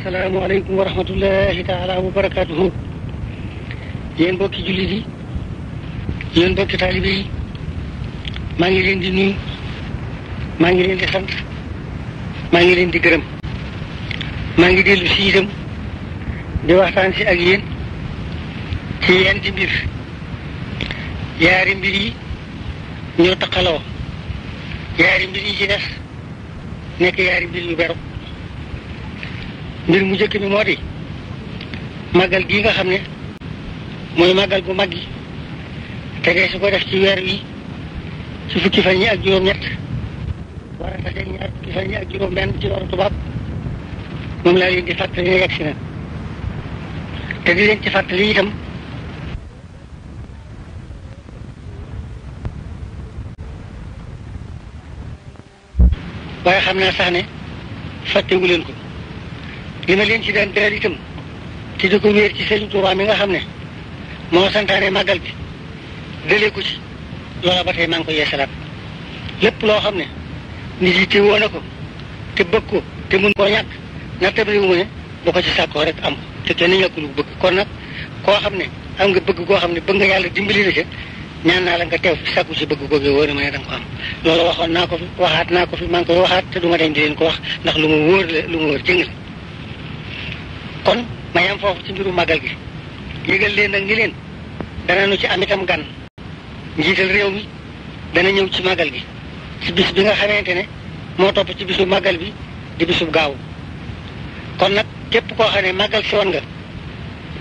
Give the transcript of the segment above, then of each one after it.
asalaamaaleykum wa rahmatullahi taala wa barakaatuhu yéen mbokki jullit yi yéen mbokki taalibe maa ngi leen di nuyu maa ngi leen di sant maa ngi leen di gërëm maa ngi dellu si itam di waxtaan si ak yéen ci yenn ci mbir yaari mbir ñoo taqaloo yaari mbir yi ci des nekk yaari mbir yu beru mbir mu njëkk mi moo di màggal gii nga xam ne mooy màggal gu mag gi tegee su ko def ci weer wi ci fukki fan yi ak juróom-ñett war a tase ñaar fukki fan yi ak juróom-benn ci loolu tubaab moom laa leen di fàttali ne yegg si na te di leen ci fàttali itam waaye xam naa sax ne fàttewu leen ko li ma leen ci daan beral itam te di ko wéer ci Sëriñ Tuubaa mi nga xam ne moo santaane màggal bi dalee ko ci loola ba tey maa ngi ko yeesalaat lépp loo xam ne nit yi téewoo na ko te bëgg ko te mun koo ñàkk na tabliwu mu ne bu ko ci sàkkoo rek am te kenn ñàkkul bëgg kon nag koo xam ne am nga bëgg koo xam ne bëgg nga yàlla dimbali la ñaan naa la nga teew fi sakku si bëgg bëgg wóor ma ne ko am loolu waxoon naa ko fi waxaat naa ko fi maa ngi koy waxaat te du ma dañ di leen ko wax ndax lu ma wóor la lu ma wóor jëng kon ma yam foofu ci mbiru magal gi yëgal leen nag ni leen dana nu ci am itam gan njiital réew mi dana ñëw ci gi bis bi nga xamante ne moo topp ci bisu bi di bisu gaaw kon nag képp koo xam ne magal si woon nga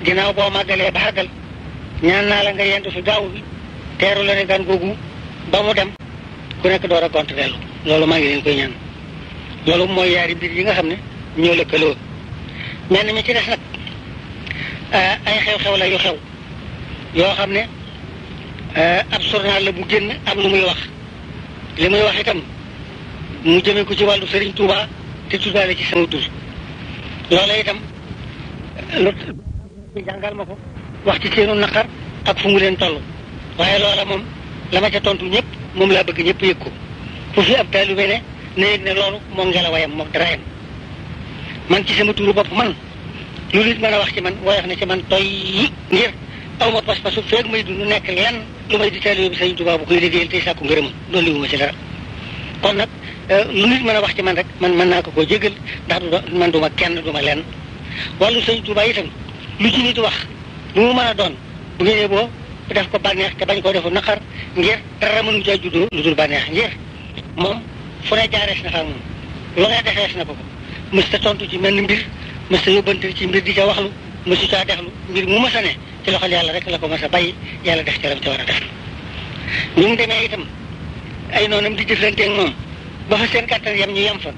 ginnaaw boo magalee ba ñaan naa la nga yendu gaaw bi teeru la ne gan googu ba mu dem ku nekk door a gont dellu loolu maa ngi leen koy ñaan loolu mooy yaari mbir yi nga xam ne ñoo lëkkaloo mel mi ci des nag eh, ay xew yoo xam ne eh, ab journal la bu génn am lu muy wax li muy wax itam mu jëmee ko ci wàllu Serigne Touba te tuddaale ci sama tur loola itam lu jàngal ma ko wax ci seenu naqar ak fu mu leen toll waaye loola moom la ma ca tontu ñëpp moom laa bëgg ñëpp yëg fu fi ab taalube ne na yëg ne loolu moo ngelawayam moo darayam man ci sama turu bopp man lu nit mën a wax ci man woyof na ci man toy yi ngir aw ma pas-pasu feeg may dund nekk lenn lu may di taalube bi sëñ Tuubaa bu koy liggéeyal tey sàkku ngërëm doon liwuma ci dara kon nag euh, lu nit mën a wax ci man rek man mën naa ko koo jégal ndax du man duma kenn duma lenn wàllu sëñ Tuubaa itam lu ci nit wax lu mu mën a doon bu ngeen boo def ko bànneex te bañ koo defu naqar ngir dara mënu ca juddu lu dul bànneex ngir moom fu ne jaarees na fa moom lu ne defees na ko ko mës ta tontu ci mel ni mbir mës ta yóbbante ci mbir di ca waxlu mësu caa deflu mbir mu a ne ci loxol yàlla rek la ko mës a bàyyi yàlla def ca lam ca war a def bi mu demee itam ay noonam di jëflanteeg moom ba fa seen kàttan yam ñu yam fa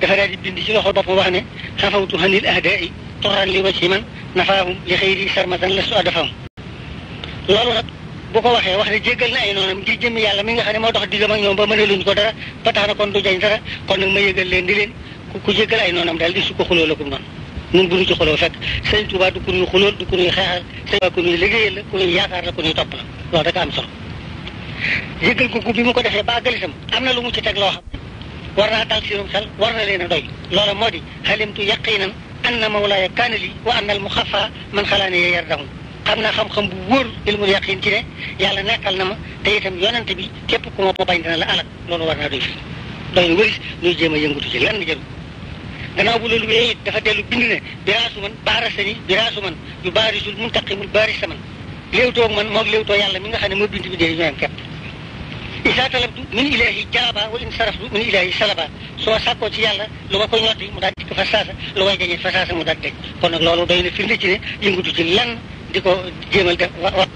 dafa daal di bind ci loxol boppam wax ne xafawtu xanil ahda i toran li wa ci man nafaahum li xëy di sarmatan la su adafam loolu bu ko waxee wax ne jéggal na ay noonam di jëm yàlla mi nga xam ne moo dox diggam ak ñoom ba mën a luñ ko dara ba tax na kon du jañ dara kon nag ma yëgal leen di leen ku jéggal ay noonam daal di su ko xuloo la kum noonu ñun bu ñu ci xuloo fekk sëñ Tuubaa du ku ñuy xulool du ku ñuy xeexal sëñ Tuubaa ku ñuy liggéeyal la ku ñuy yaakaar la ku ñuy topp la loolu rek am solo yëgal ko ku bi mu ko defee ba àggal itam am na lu mu ci teg loo xam war naa dal seenum xel war na leen a doy loola moo di xalimtu yaqinan anna mawlaaya kaana li wa anna al muxafa man xalaane yardahum xam naa xam-xam bu wóor ilmul yaqin ci ne yàlla nekkal na ma te itam yonent bi képp ku ma bañ dina la alak loolu war naa doy fi doy na wëris ñuy jéem a yëngatu ci lenn jëru gannaaw bu loolu wéyee dafa dellu bind ne biraasu man baarasani biraasu man yu baarisul muntaqimul baarisa man léewtoo man moog léewtoo yàlla mi nga xam ne moo bind bi dee ñu am képp isa talabtu min ilahi jaaba wa in saraftu min ilahi salaba soo sàkkoo ci yàlla lu ma ko ñotti mu daal dikk fa saasa lu may gañe fa saasa mu daal dej kon nag loolu doy na firnde ci ne yëngatu ci lenn diko ko jéemal def wa maa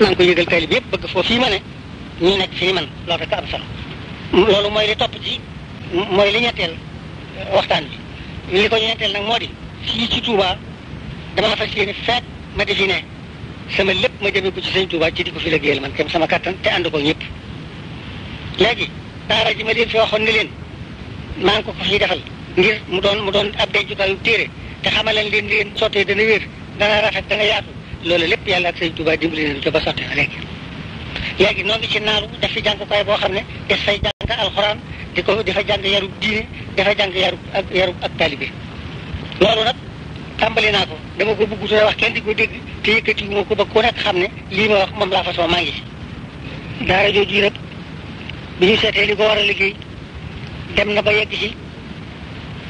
ngi ko yegal tali bepp bëgg fofu yi mané ñu ñi fi fii man loolu rek am sax loolu moy li top ci moy li ñettel euh, waxtan bi li ko ñettel nak modi ci ci Touba dama fa ci ni fet ma di fi sama lepp ma jëme ko ci seigne Touba ci diko fi liggéeyal man kam sama katan te and ko ñepp legi daara ji ma leen fi waxoon ne leen maa ngi ko ko fiy defal ngir mu doon mu doon ab dencukaayub téere te xamaleen leen leen sottee dana wér dana rafet dana yaatu loolu lépp yàlla ak sëñ Tuubaa dimbali leen ca ba sottee fa léegi léegi noo ngi ci naaru def fi jàngukaay boo xam ne daf fay jàng alxuraan di ko dafa jàng yarub diine dafa jàng yarub ak yarub ak taalibe loolu nag tàmbali naa ko dama ko bëgg tuuti wax kenn di ko dégg te yëkkati moo ko ba ku nekk xam ne lii ma wax moom laa maa ngi ci daara jooju nag bi ñu seetee li ko war a liggéey dem na ba yegg ci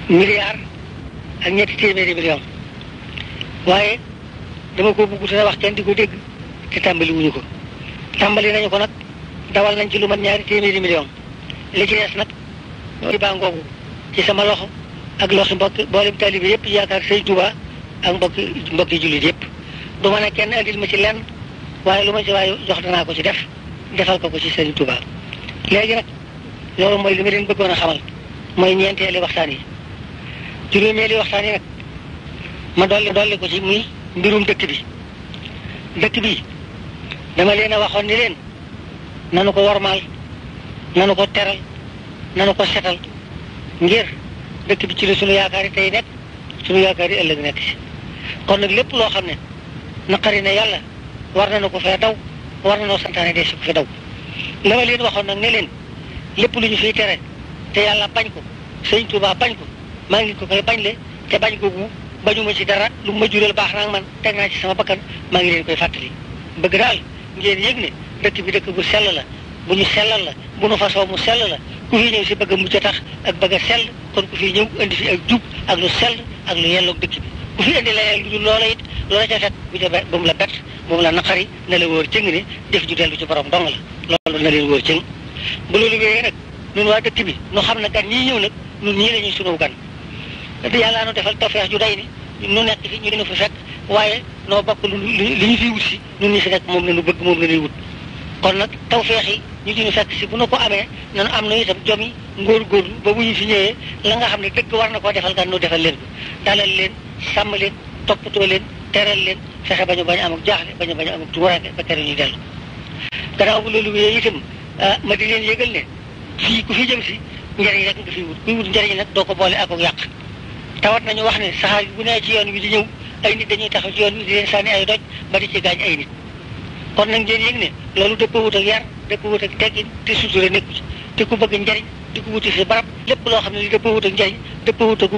milliard ak ñetti téeméeri million waaye dama ko bëgg te wax kenn di ko dégg ci tàmbali ko tàmbali nañu ko nag dawal nañ ci lu mat ñaari téeméeri million li ci des nag ci ngoogu ci sama loxo ak loxi mbokk boolem taalibi yëpp yaakaar sëñ Tuubaa ak mbokki mbokki jullit yëpp du ma ne kenn andil ma ci lenn waaye lu ma ci waaye jox danaa ko ci def defal ko ko ci sëñ Tuubaa léegi nag loolu mooy li ma leen bëggoon a xamal mooy ñeenteeli waxtaan yi juróomeeli waxtaan yi nag ma dolli dolli ko ci muy mbirum dëkk bi dëkk bi dama leen a waxoon ni leen nanu ko wormaal nanu ko teral nanu ko setal ngér dëkk bi ci la sunu yaakaar yi tey nekk sunu yaakaar yi ëllëg nekk kon nag lépp loo xam ne na naqari na yàlla war nanu ko fee daw war nanoo santaane dee si ko fi daw la ma leen waxoon nag ne leen lépp lu ñu fiy tere te yàlla bañ ko sëñ Tuubaa bañ ko maa ngi ko koy bañ le te bañ ko googu bañuma ci dara lu ma jural baax naa man teg naa ci sama bakkan maa ngi leen koy fàttali bëgg daal ngeen yëg ne dëkk bi dëkk bu sell la bu ñu sellal la bu nu fasoo mu sell la ku fi ñëw si bëgg a mucc tax ak bëgg a sell kon ku fi ñëw indi fi ak jub ak lu sell ak lu yelloog dëkk bi ku fi indi leneen lu dul loola it loola ca bu ca ba mu la bett bu mu la naqari ne la wóor cëng ne def ci borom dong la loolu na leen wóor cëng bu loolu wéyee nag ñun waa dëkk bi nu xam ne gan ñii ñëw nag ñun ñii la ñuy sunu gan te yàlla nu defal tawfeex ju day ni nu nekk fi ñu dina fi fekk waaye noo bokk lu li ñu fi wut si ñun ñi si nekk moom la nu bëgg moom la ñuy wut kon nag tawfeex yi ñu ci ñu fekk si bu nu ko amee nanu am na itam jom yi ngóor-góorlu ba bu ñu fi ñëwee la nga xam ne dëgg war na koo defal gan nu defal leen ko dalal leen sàmm leen toppatoo leen teral leen fexe ba ñu bañ amuk jaaxle ba ñu bañ amuk tuuraange ba tere ñuy dellu gannaaw bu loolu wéyee itam ah, ma di leen yëgal ne fii ku fi jëm si njëriñ rek nga fi wut kuy wut njëriñ nag doo ko boole ak yàq tawat nañu wax ne saxaar bu nee ci yoon wi di ñëw ay nit dañuy tax ci yoon wi di leen sànni ay doj ba di ci gaañ ay nit kon nag ngeen yëg ne loolu dëppoo wut ak yar dëppoo wut ak teggin te sutura nekku ci te ku bëgg njëriñ di ko wuti si barab lépp loo xam ne li dëppoo wut ak njëriñ dëppoo wut ak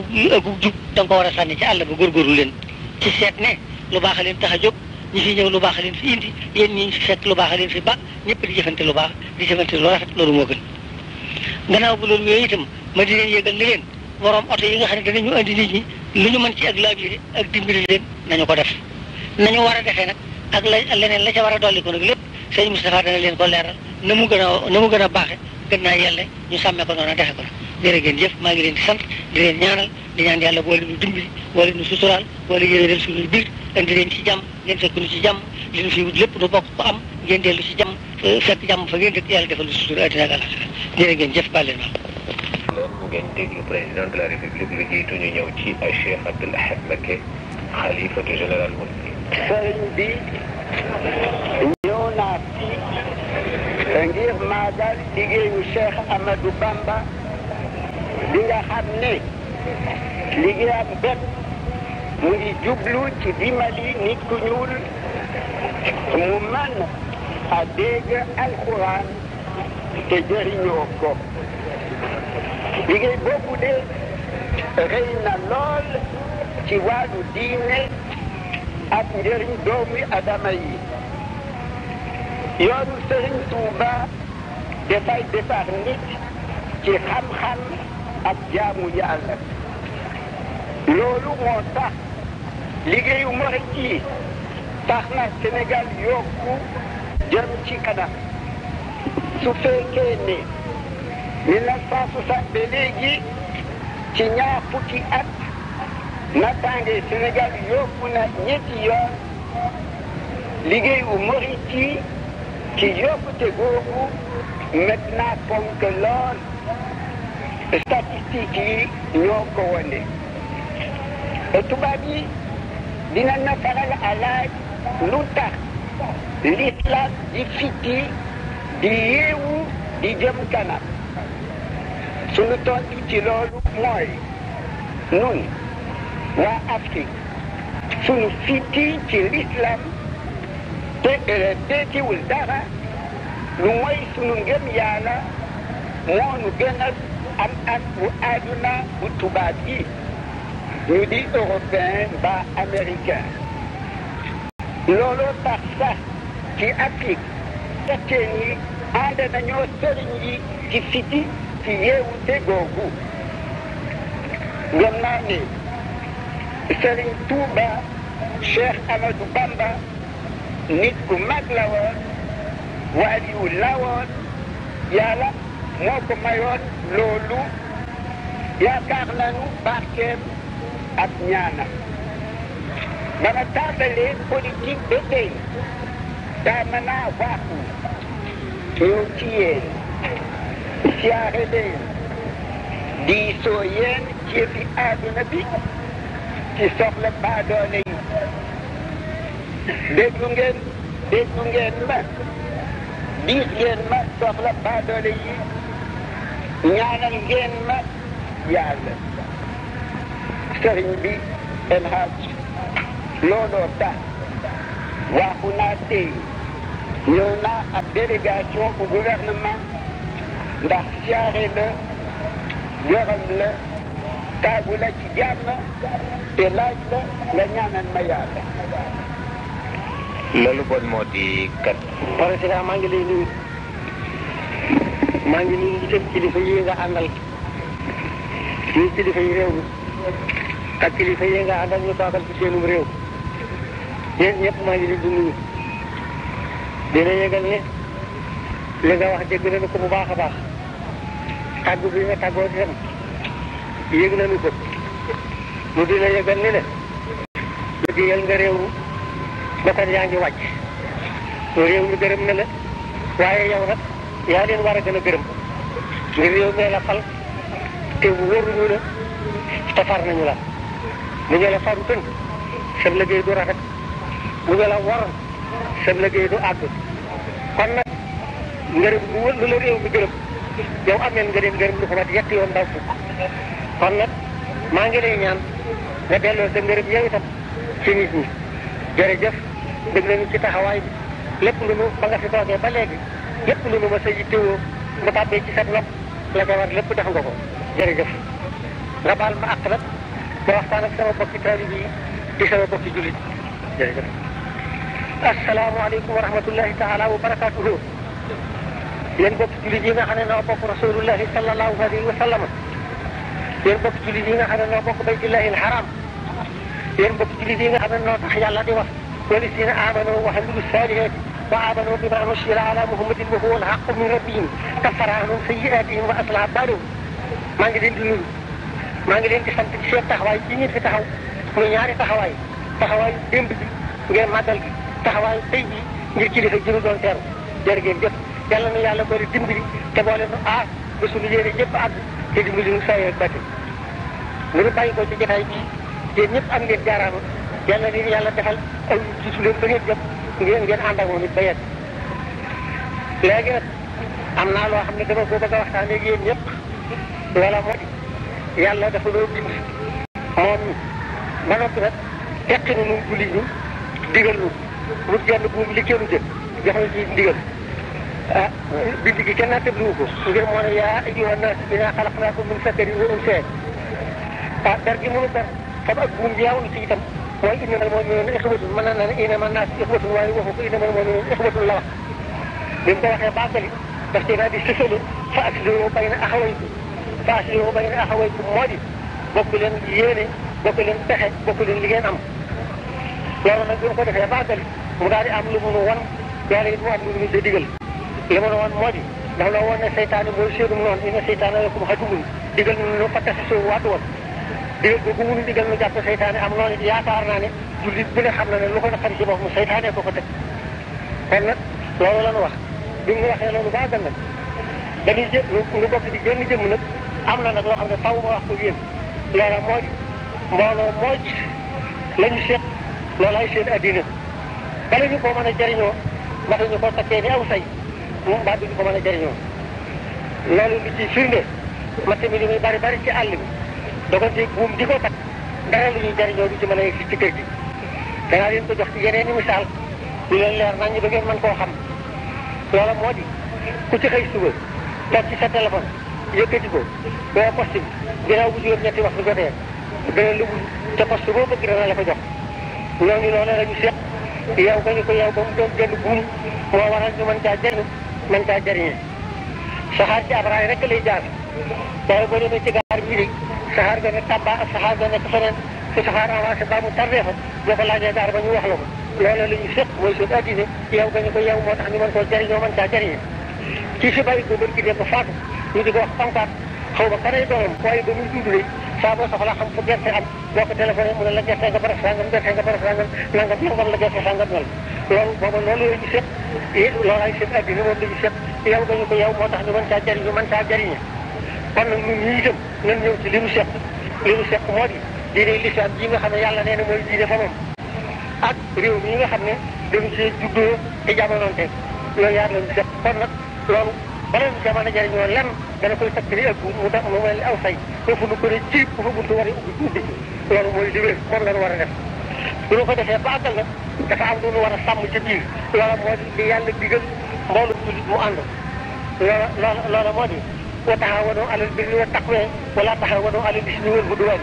jub da nga ko war a sànni ci àll ba góorgóorlu leen ci seet ne lu baax leen tax a jóg ñi fi ñëw lu baax leen fi indi yéen ñi fi fekk lu baax leen fi ba ñëpp di jëfante lu baax di jëfante lu rafet loolu moo gën gannaaw bu loolu yooyu itam ma di leen yëgal ni leen borom oto yi nga xam ne danañu indi nit ñi lu ñu mën ci ak laabire ak dimbali leen ñu ko def na nañu war a defee nag ak la leneen la ca war a dolli ko nag lépp sëñ Moustapha dana leen ko leeral na mu gën a na mu gën a baaxe gën naa yelle ñu sàmmee ko noonu a ko na jërë ngeen jëf maa ngi leen di sant di di ñaan yàlla boole ñu dimbali boole ñu suturaal boole yéene leen suñuy biir indi leen ci jàmm ngeen fekk ñu ci jàmm li ñu fi wut lépp nu bokk ko am ngeen dellu ci jàmm fekk jàmm fa ngeen dëkk yàlla defal ñu sutura àddina ak àllaxira jërë ngeen jëf baal leen bu ngeen déglu président de la république lu jiitu ñu ñëw ci Cheikh Abdoul Ahad Mbacké xalifatu général muslim sëriñ bi ñëw naa fii ngir maagal liggéeyu Cheikh Amadou Bamba bi nga xam ne liggéeyam bépp mu ngi jublu ci dimbali nit ku ñuul mu man a dégg alxuraan te jëriñoo ko liggéey boobu de rëy na lool ci wàllu diine ak njëriñ doomi adama yi yoonu Sëriñ Tuuba dafay defar nit ci xam-xam ak jaamu yàlla loolu moo tax liggéeyu murit yi tax na Sénégal yokku jëm ci kanam su fekkee ne 1960 ba léegi ci ñaar fukki at nattaange Sénégal yokku na ñetti yoon liggéeyu murit yi ci yokkute googu met naa ponk lool statistique yi ñoo Et wone va tubaab dina na l'islam di fitti di yeewu di jëm kanam sunu tontu ci loolu mooy nun waa Afrique sunu l'islam euh, dara lu sunu am am bu àdduna bu tubaab yi ñu di européen ba américain looloo tax sax ci Afrique fekkee nañoo sëriñ yi ci fiti ci yeewute googu gëm naa ni sëriñ Touba Cheikh Bamba nit ku mag la waaliyu la woon yàlla moo ko mayoon loolu yaakaar nañu barkeem ak ñaanam dama tàmbalee politique ba tey daama naa waaxu ñëw ci yéen siyaare leen diisoo yéen ci fi adduna bi ci soxla baadoole yi déglu ngeen déglu ngeen ma diis ngeen ma ñaanal ngeen ma yàlla sëriñ bi El Hadj looloo tax waaxu naa tey ñëw naa ab délégation bu gouvernement ndax siyaare la gërëm la taagu ci jàmm te laaj la nga ñaanal ma yàlla. loolu bon moo di kat. président maa ngi lay maa ngi nuyu itam kilifa yi nga àndal ñuy kilifa yi réew mi ak kilifa yi nga àndal ñu toogal ci seenum réew yéen maa ngi leen di nuyu dina yëgal ne li nga wax dégg nañu ko bu baax a baax tàggu bi nga tàggoo di dem yëg nañu ko mu dina yëgal ni ne liggéeyal nga réew bakkan yaa ngi wàcc réew mi gërëm na la waaye yow nag yaa leen war a gën a gërëm ngir yow mee la fal te wóoruñu la te nañu la mu ñu la faru tën sa liggéey du rafet mu ñu la war sa liggéey du àgg kon nag ngërëm lu la réew mi gërëm yow am ngeen ngërëm ngërëm lu ko yett yoon ndaw fukk kon nag maa ngi lay ñaan nga delloo sa ngërëm yow itam ci nit ñi jërëjëf dégg nañu ci taxawaay lépp lu nu ba nga fi toogee ba léegi lépp lu nu ma sa yittewoo nga tàbbee ci sa nopp la nga war lépp nga ko jërëjëf nga baal ma àq nag ma bokki taalibe yi di sama bokki jullit jërëjëf asalaamaaleykum wa taala wa barakaatuhu yéen bokki jullit nga xam ne noo bokk rasulullahi sallallahu alayhi wa sallam bokki jullit nga xam ne noo bokk alharam yéen bokki jullit nga xam ne noo tax walisina amanu wa amilu saalihaati وآمنوا بما نزل على محمد وهو الحق من ربهم كفر عنهم سيئاتهم وأصلح بالهم ما نجدين دنيا ما نجدين تسمت تشير تحواي تنين في تحو من ياري تحواي تحواي دمبي غير مدلغ تحواي تيجي نجيل في جنود الانتر جرغين جب يالا نيالا بوري دمبي تبولين آه بسو نجيري جب آه تجي مجنون سايا باتي نرو باي كوشي جتاي جي جي نيب أمير جارانو يالا نيالا تحل أو جسولين بنيت جب ngeen ngeen ànd ak moom it ba am naa loo xam ne dama ko ak yéen ñëpp loola dafa loo bind moom ba noppi nag teqi na digal lu lu genn buum li kenn jël jox na ci ndigal ah bind gi kenn tëb lu ko ngir moo min zakarin wa unsaa ah dar gi mënu dar xam ak buum yaawul mooy innamal mu'minuuna ixwatun mën na man innaman naas ixwatun waaye waxu ko innamal mu'minuuna ixwatun la wax. bi mu ko waxee baagali daf cee daal di sësalu fa aslihu bayna axawaykum fa aslihu bayna axawaykum moo di bokk leen yéene bokk leen pexe li ngeen am. loolu nag bi mu ko defee baagali mu daal am lu mu nu wan yàlla it mu am lu mu di digal li nu wan moo di ndax loo woon ne seytaane mooy séedum noonu inna seytaana lakum aduwwun digal nu nu fa tasasoo waatu woon bu bu mënu digal nu jàpp seytaane am noonu yaakaar naa ne jullit bu ne xam na ne lu ko naqari ci bopp mu seytaane ko ko teg kon nag loolu la nu wax bi mu waxee loolu baax nag dañuy jë lu bokk di génn jëmm nag am na nag loo xam ne faw ma wax ko yéen loola moo di mbooloo moo gis la ñu seet loolaay seen addina bala ñu ko mën a jëriñoo mata ñu ko takkee ni aw say moom mbaa duñu ko mën a jëriñoo loolu li ci firnde mata mi li muy bari bari ci àll bi dogal ci buum di ko takk dara lu ñuy jariñoo du ci mën a egsi ci kër gi danaa leen ko jox ci yeneen i misaal lu leer nañ ñi ba ngeen mën koo xam moo di ku ci xëy suba sa ci sa téléphone yëkkati ko boo poste bi ginnaaw bu juróom-ñetti waxtu jotee dana lu ca poste boo bëgg dana la ko jox ñooñu loola la ñu seet yow ko ñu ko yow ba mu doon genn buum moo waral ñu mën caa jëriñu mën caa jëriñee saxaar ci ab raay rek lay jaar loolu boo ci gaar bi saxaar ga nekk Tamba ak saxaar ga nekk feneen su saxaar avancé ba mu tardé fa boo ko laajee daara ba ñu wax la ko loola li ñu séq mooy suñu addina yow ga ñu ko yow moo tax ñu mën koo jëriñoo mën caa jëriñee ci si bàyyi ko bër ki dem ba faatu ñu di ko wax pankaat xaw ma kanay doomam waaye ba muy dundale saa boo soxla xam fu gerte am boo ko téléphoné mu ne la gerte nga baraf sangam gerte nga baraf sangam nangam nangam la gerte sangam mel loolu booba loolu la ñu séq loolaay seen addina moom la ñu séq yow ga ñu ko yow moo tax ñu mën caa jëriñu mën caa jëriñe kon nag ñun ñuy jëm nañ ñëw ci li mu seq li mu seq moo di diine nga xam ne yàlla nee mooy diine fa moom ak réew mi xam ne dañu see juddoo te jamononte loolu yaar lañu seq kon nag loolu bala a jëriñoo lenn dana koy takk li ëpp mu tax mu mel ni a ubbi ubbi loolu mooy li wér moom la ñu war a def bu ñu ko defee ba àggal nag dafa am lu ñu war a sàmm ci biir loola moo di li yàlla digal mboolu jullit mu ànd loola loola wa taxawanoo alal birri wa taqwa wala taxawanoo alal ismi wal udwaan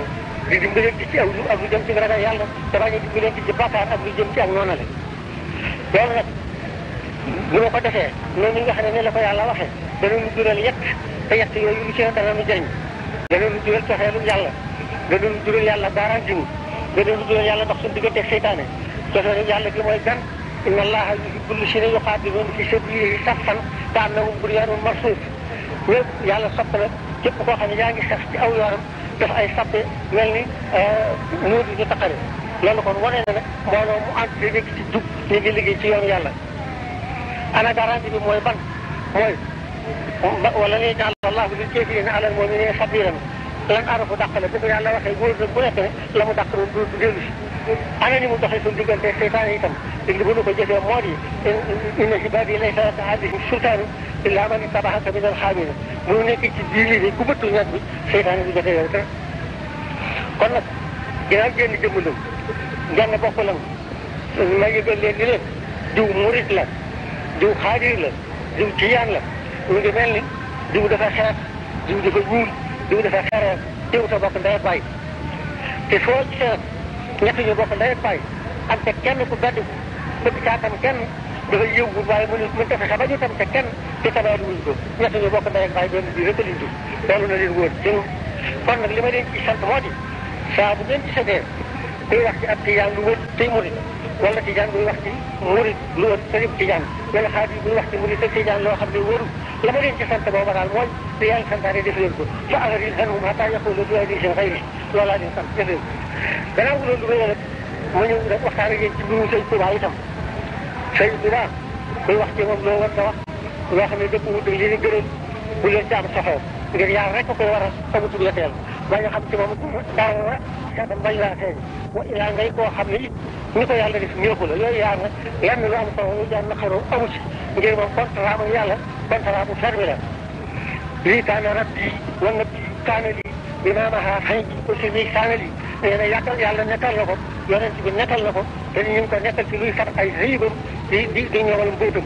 di dimbalante ci aw lu ak lu jëm ci ragal yàlla te bañ a dimbalante ci bàkkaar ak lu jëm ci ak noonale loolu nag bu ma ko defee noonu nga xam ne la ko yàlla waxee dana nu jural yett te yett yooyu lu ci ne dana nu jëriñ dana nu jural coxeelu yàlla dana nu jural yàlla baaraan jiwu dana nu jural yàlla dox suñu diggante ak seytaane coxeelu yàlla gi mooy gan inna allaha yuhibbul lazina yuqatiluna fi sabilihi saffan ka'annahum bunyanun marsus ñëpp yàlla sopp la képp koo xam ne yaa ngi xeex ci aw yoonam def ay sappe mel ni euh, nuur bi du taqari loolu kon wane na ne mbooloo mu ànd di nekk ci jub ñu ngi liggéey ci yoon yàlla ana garanti bi mooy ban mooy wala lay jàll allah bi li kéefirina alal mu'minina sabiran lan arafu dàq la bu ko yàlla waxee góor nag bu nekk la mu dàq doon du dellu ana ni mu doxee suñu diggante seytaane itam léegi bu ñu ko di inna ibaadi laysa alayhim sultaanun illaa man ittaba'aka mina al-ghaawina mu nekk ci biir bi ku bëttul ñaat bi seytaane bi jotee yow dara kon nag ginnaaw génn jëmm la ngeen bokk la ma yëgal leen ni leen diw murit la diw xaadir la diw tijaan la mu ngi mel ni diw dafa xeex diw dafa ñuul diw dafa xereer diw sa bokk ndey bàyyi te foo ci ñett ñu bokk ndey ak baay am te kenn ku gàddu bëgg caatam kenn dafa yëngu waaye mënu mënu ta fexe ba ñu tam te kenn te tabaat wuñ ko ñett ñu bokk ndey ak baay benn bii rek a liñ loolu na leen wóor dégg kon nag li ma leen ci sant moo di saa bu ngeen ci setee wax ci ab tijaan lu wër tey murit wala tijaan buy wax ci murit lu wër tey tijaan wala xaar yi buy wax ci murit tey tijaan loo xam ne wóorul لمن انتصرت بوضع المول بيان سنتاني دفلنكو فأغر الهنهم حتى يقول دي شن غيره ولا ديشن دفلنكو كنا أقول دواء لك من يوم وقت رجل تبنو سيكو بعيثم سيد لا كل وقت يوم لو ورد وقت كل وقت من دقو دليل قرد كل يجعب صحو ngir yar rek ko wara tabu tu yetel ba nga xam ci mom ko dara sa dam bay la seen wa ila ngay ko xam ni ni ko يا def ñeexu la yoy yar rek lenn lu am ko ñu jaan تنفعها مشررة ليت أنا ربي والنبي تعملي إمامها حين أسمي تعملي يعني يعتل يعلن نتلهم يرنسب نتلهم لأن يمكن نتل في ليسر أي زيبر في دي دنيا والمبوتم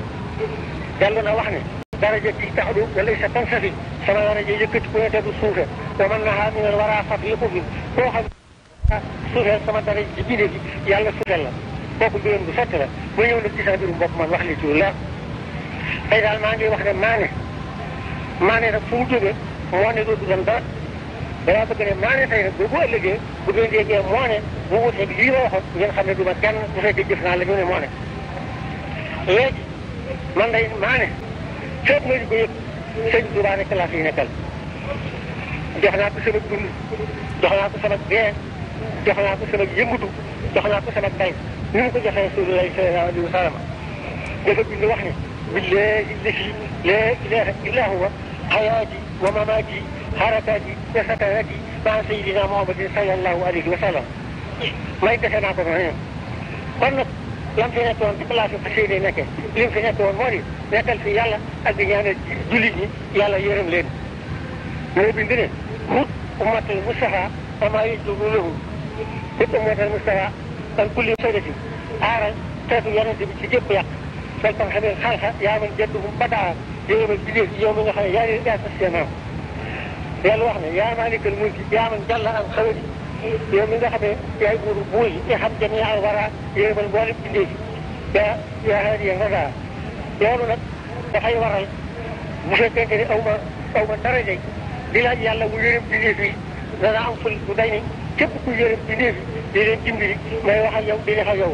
قال لنا وحنا درجة تحدو وليس تنسفي سما درجة يكت كونت بسوفة ومن لها من الوراء صفيق به كوخا سوفة سما درجة جديدة يعلن سوفة لك kooku mbiram bu set la ba ñëw nag ci sa mbirum bopp man wax li ci la tey daal maa ngi wax ne maa ne maa ne nag fu ne dootu doon dara danaa bëgg ne maa ne tey bu bu ëllëgee bu doon jéggee moo ne bu wuteeg lii ma waxoon ne du ma kenn bu fekkee jëf naa la ñu ne moo ne. léegi man day maa ne fépp nga di ko yëg sëñ Tuubaa ne classe yi nekkal jox naa ko sama dund jox naa ko sama dee jox naa ko sama yëngatu jox naa ko ni mu ko joxee Rasulullah sallallahu alayhi wa sallam dafa بالله لا إله إلا هو حياتي ومماتي حركاتي وخطاياتي مع سيدنا محمد صلى الله عليه وسلم ما يتسنى بمعين قلت لم في نتوان تبلا في قصيرة نكا لم في نتوان موري نتل في يالا أدنيانا دوليني يالا يرم لين نوبين دين خذ أمة المصحى وما يجلو له خود أمة المصحى أن كل مصيرتي آران تاتو يانا دي بيجيب بيك fekkam xamee xalxa yaa man jadduhum badaa yow ma bileef yow mi nga xam ne yaa leen yaa tas seen am yàlla wax ne yaa maalikal mulki yaa man jàlla am xawari yow mi nga xam ne yaay buuru buur yi i xam jamii al wara yow man boole bindee yaa yaa xaar yéen radaa loolu nag dafay waral bu fekkente ne aw ma aw ma dara jëy di laaj yàlla mu yërëm bindee yi dana am ful bu day ne képp ku yërëm bindee yi di leen dimbali may wax ak yow di def ak yow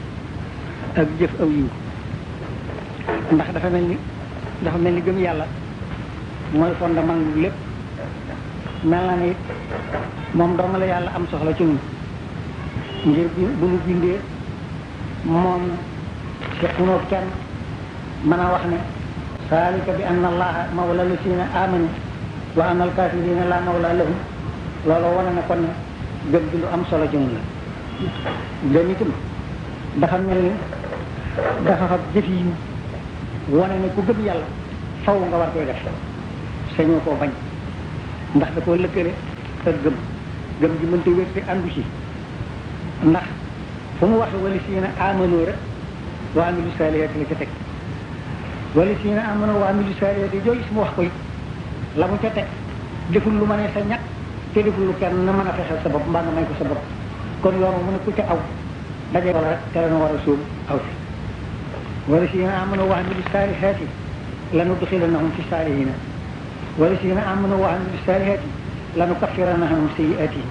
ak jëf aw yiw ndax dafa mel ni dafa mel ni gëm yàlla mooy fondement bi lépp mel na ni moom dong la yàlla am soxla ci ñun ngir bu ñu bindee moom sequnoo kenn mën a wax ne ذلك la mawla lahum lolo آمنوا وأن kon لا مولى لهم لولا وانا نكون جبدلو أم صلاة جنون لا جنيتم دخل ni dafa xam jëf yi ne ku gëm yàlla faw nga war koy def sañoo koo bañ ndax da koo lëkkale ak gëm gëm ji mënta wér te àndu ci ndax fu mu wax wala si na amano rek wa amilu saalihaati la ca teg wala si na amano wa amilu saalihaati jooju su mu wax ko la mu ca teg deful lu ma ne sa ñàkk te deful lu kenn na mën a fexeel sa bopp mbaa nga may ko sa bopp kon yoonu mu ne ku ca aw daje wala rek te la nu war a suum aw si والذين آمنوا وعملوا الصالحات لندخلنهم في الصالحين والذين آمنوا وعملوا الصالحات لنكفرن عنهم سيئاتهم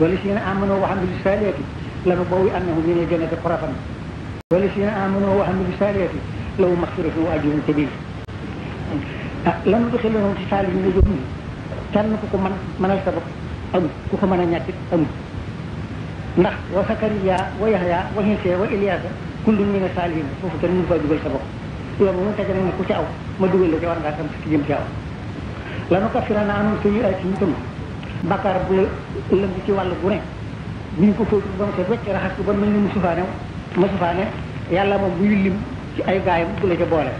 والذين آمنوا وعملوا الصالحات لنبوئنهم من الجنة غرفا والذين آمنوا وعملوا الصالحات لو مغفرة وأجر كبير لندخلنهم في الصالحين يجوم كان كوكو من man manal sa bopp amul ku ko وسكريا ويحيى ñàkkit وإلياس kundum ñi nga taalibe bi foofu kenn mënu faa dugal sa bopp yow moom itam nag ne ku ci aw ma dugal la ca war ngaa xam si jëm ci la nu ko firana anum suñu ay suñu tënk bàkkaar bu la lëmb ci wàll bu ne ñu ko fóotu ba mu set wecc raxas ko ba mel ni mu sufaane yàlla moom buy lim ci ay gaayam du la ca boole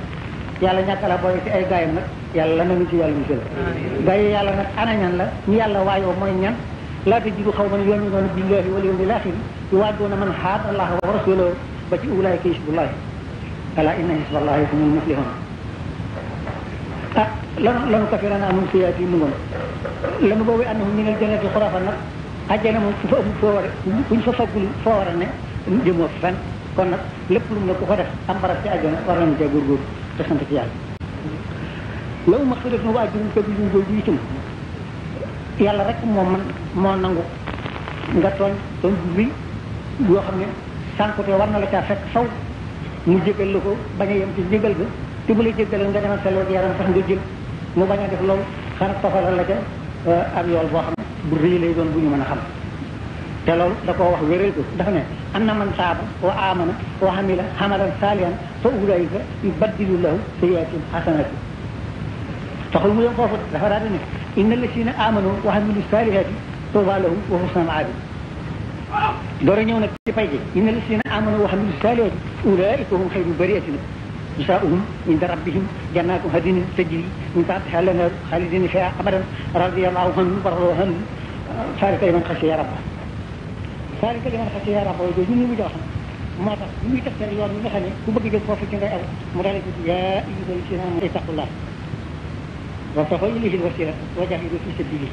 yàlla ñàkk la boole ci ay gaayam nag yàlla nañu ci yàlla musal gaay yàlla nag ana ñan la ñu yàlla waayoo mooy ñan laata jigu xaw man yoon yi noonu billahi wal ba ci ulaayka hizbullaah alaa inna hizballaahi humul muflihuun ah lanu lanu kafiran anhum sayyi'aati mu ngoon lanu boobu annahum minal jannati xuraafan nag àjjana moom ku fa amul foo a foo war ne jëmoo fa kon nag lépp lu mu ne ku ko def am barab ci àjjana war nañu cee góorgóorlu te sant ci yàlla. loolu ma xëy na waa juróom kër gi ñu yàlla rek moo man moo nangu nga tooñ tooñ bu yoo xam ne. sànkute war na la caa fekk faw mu jégal la ko bañ a yem ci jégal ga te bu la jégal nga demal sa léegi yaram sax nga jël mu bañ a def loolu xana tofalal la ca ak yool boo xam ne bu rëy lay doon bu ñu mën a xam te loolu da koo wax wéral ko dafa ne am na man saaba wa amana wa amila hamalan salian fa ulaika yubaddilu lahu sayiatim hasanati taxul mu yem foofu dafa daal ne inna lasina amanu wa amilu salihati tuuba lahum wa husna maabid دور نيو نك تي فاي دي ان الذين امنوا وعملوا الصالحات اولئك هم خير البريه جزاؤهم عند ربهم جنات هدين تجري من تحتها الانهار خالدين فيها ابدا رضي الله عنهم وبرهم فارق لمن خشي يا رب فارق لمن خشي يا رب ويجي نيو جاهم ما تا نيو تا سيريو نيو خاني كو بغي جو فوفي كي غايل مودال يا ايذ الذين امنوا اتقوا الله وتخيل لي الوسيله وجاهدوا في سبيله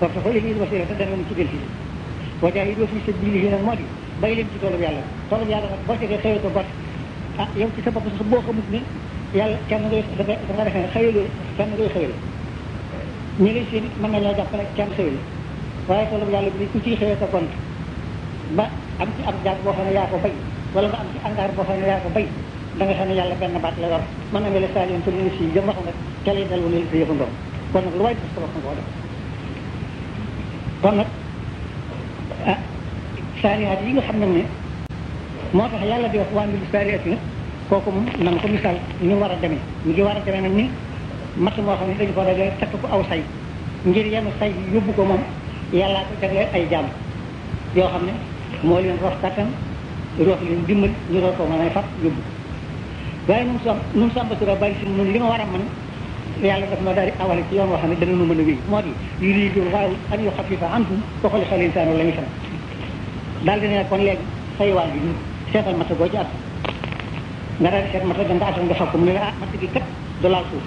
وتخيل لي الوسيله تدرهم في سبيله boo jaayee fi sa biir yi nag moo di bay leen ci toolu yàlla toolu yàlla nag boo seetee ko bot ah yow ci sa bopp sax boo xamut ne yàlla kenn ngay dafa dafa defe ne xëyaloo kenn ngay xëyal ñi mën na laa kenn waaye toolu yàlla bi ku ciy xëyee ko gont ba am ci ab boo xam ne yaa ko bay wala nga am ci angaar boo xam ne yaa ko bay da nga xam ne benn baat la yor mën na nga la salion pour ñu si jëm wax nga tele dal wu ko yëfandoom kon nag lu waay def sa bopp nga ko def kon nag ah saalihaat yi nga xam nag ne moo tax yàlla di wax waa mbiru saalihaat yi nag kooku moom na nga ko misaal ni war a demee mu ngi war a demee nag ni matt moo xam ne dañu ko dajale takk ko aw say ngir yenn say yóbbu ko moom yàllaa ko jagleel ay jàmm yoo xam ne moo leen roof kattan roof leen dimbal ñu roof ko mën a fab yóbbu waaye nu mu sàmba sura bari si nun li ma war a mën yàlla daf ma daal di awale ci yoon woo xam ne danañu mën a wéy moo di yuridu llahu an yuxafifa anhum wa xuliqa linsaanu la ñu xam daal dina kon léegi say waa gi seetal mata goo ci at nga daal di seet mata nga atal nga fakk mu ne la ah mata gi kat du laal suuf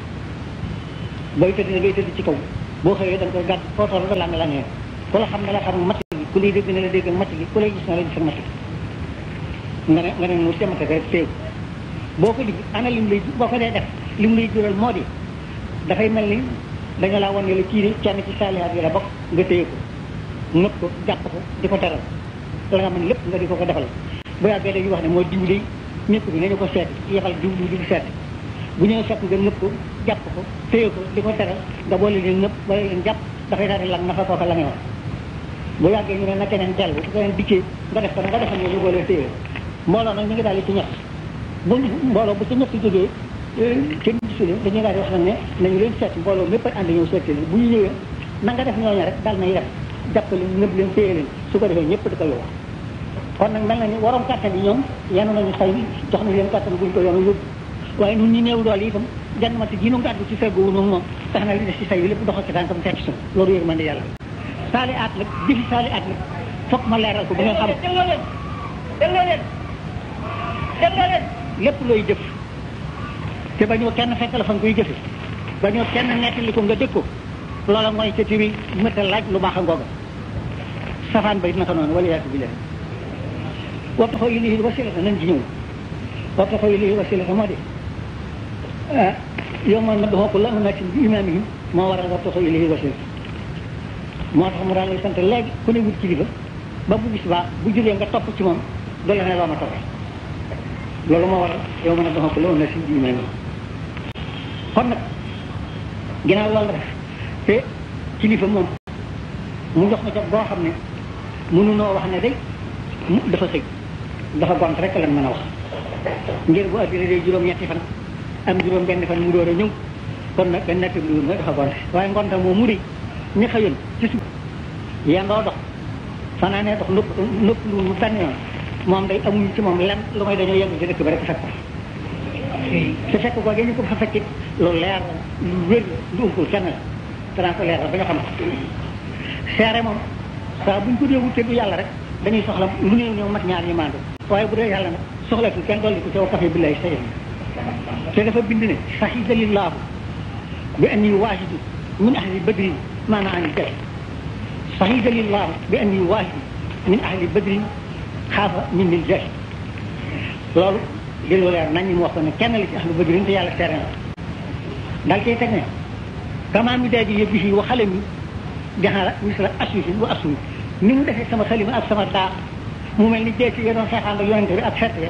booy tëdd ngay tëdd ci kaw boo xëyee da nga koy gàtt foo toll da laa nga la nee ku la xam ne la xam mata gi ku lay dégg ne la dégg ak mata gi ku lay gis ne la gis ak mata gi nga ne nga ne mu see mata gi rek teew boo ko dig ana lim lay boo ko dee def lim lay jural moo di dafay mel ni dañu laa wan ne la kii de kenn ci saalihaat yi la bokk nga téye ko nëpp ko jàpp ko di ko teral la nga mën lépp nga di ko ko defal bu yàggee dañuy wax ne moo diw de ñëpp bi nañu ko seet yebal diw diw diw seet bu ñëwee seet nga nëpp ko jàpp ko téye ko di ko teral nga boole leen nëpp boole leen jàpp dafay daal di lan nafa kooka la nga bu yàggee ñu ne na keneen dellu bu keneen dikkee nga def ko nga defal ne ñu boole téye mbooloo nag ñu ngi daal ci ñett bu mbooloo bu ci ñett jógee Euh, kenn gisu leen dañuy daal di wax nag ne nañu leen seet mbooloo mépp ànd ñëw seet leen bu ñu ñëwee na def ñoo ñooñu rek daal nañ def jàppale nëb leen téye leen su ko defee ñëpp di ko wax kon nag mel na ni waroon kàttan yi ñoom yanu nañu xëy jox nañ leen kàttan bu ko yoonu yóbbu waaye nun ñi néew doole itam genn mat ji nu ngàddu ci feggu wu moom tax na li des ci say bi lépp doxal ci tànkam fekk suñu loolu yërmande yàlla saali at la jëfi saali at la foog ma leeral ko ba nga xam delloo leen delloo leen lépp looy jëf te bañoo kenn fekk la fa nga koy jëfe bañoo kenn nettali ko nga dëkko loola mooy ca tibi mëtal laaj lu baax a ngooga safaan ba it naka noonu wala yaatu billahi wabtaxoo ilayhi wasilata nañ ci ñëw wabtaxoo ilayhi wasilata moo de yow man nag xokk la nafsin bi imaamihim moo waral wabtaxoo ilayhi wasilata moo tax mu daal lay sant léegi ku ne wut kilifa ba bu gis baax bu jógee nga topp ci moom du la ne loo ma toppee loolu moo waral yow man nag xokk la nafsin bi imaamihim kon nag ginnaaw loolu nga te kilifa moom mu jox ma jox boo xam ne mënunoo wax ne day dafa sëy dafa gont rek lan mën a wax ngir bu addina day juróom-ñetti fan am juróom-benn fan mu door a ñëw kon nag benn nattab liwun mooy dafa gont waaye ngonta moom mu di ñi xëyoon ci su yendoo dox fanaanee dox nëpp nëpp lu mu benn yoon moom day amuñu ci moom lan lu may dañoo yegg ci dëkk ba rek fekk ko sa fekk ko yéen ko fa fekkit lu leer lu wér lu umpul kenn la danaa ko leeral ba ñu xam ko seere moom saa buñ ko dee wutee du yàlla rek dañuy soxla lu néew néew mat ñaar ñu maandu waaye bu dee yàlla nag soxlatul kenn dolli ko ca wakkafe billahi sa yéen te dafa bind ne sahida lillahu bi anni waahidu min ahli badrin maana ani jal sahida lillahu bi anni waahidu min ahli badrin xaafa min nil jal loolu déglu leer nañ mu wax ko ne kenn li ci ahlu badrin te yàlla tere na dal cay teg ne kamaa mi daji yëpp si wa xale mi jaxala misla assu si wa assu ni mu defee sama xalima ak sama daa mu mel ni jeeci yo doon xeexaan ak yonente bi ak fett ya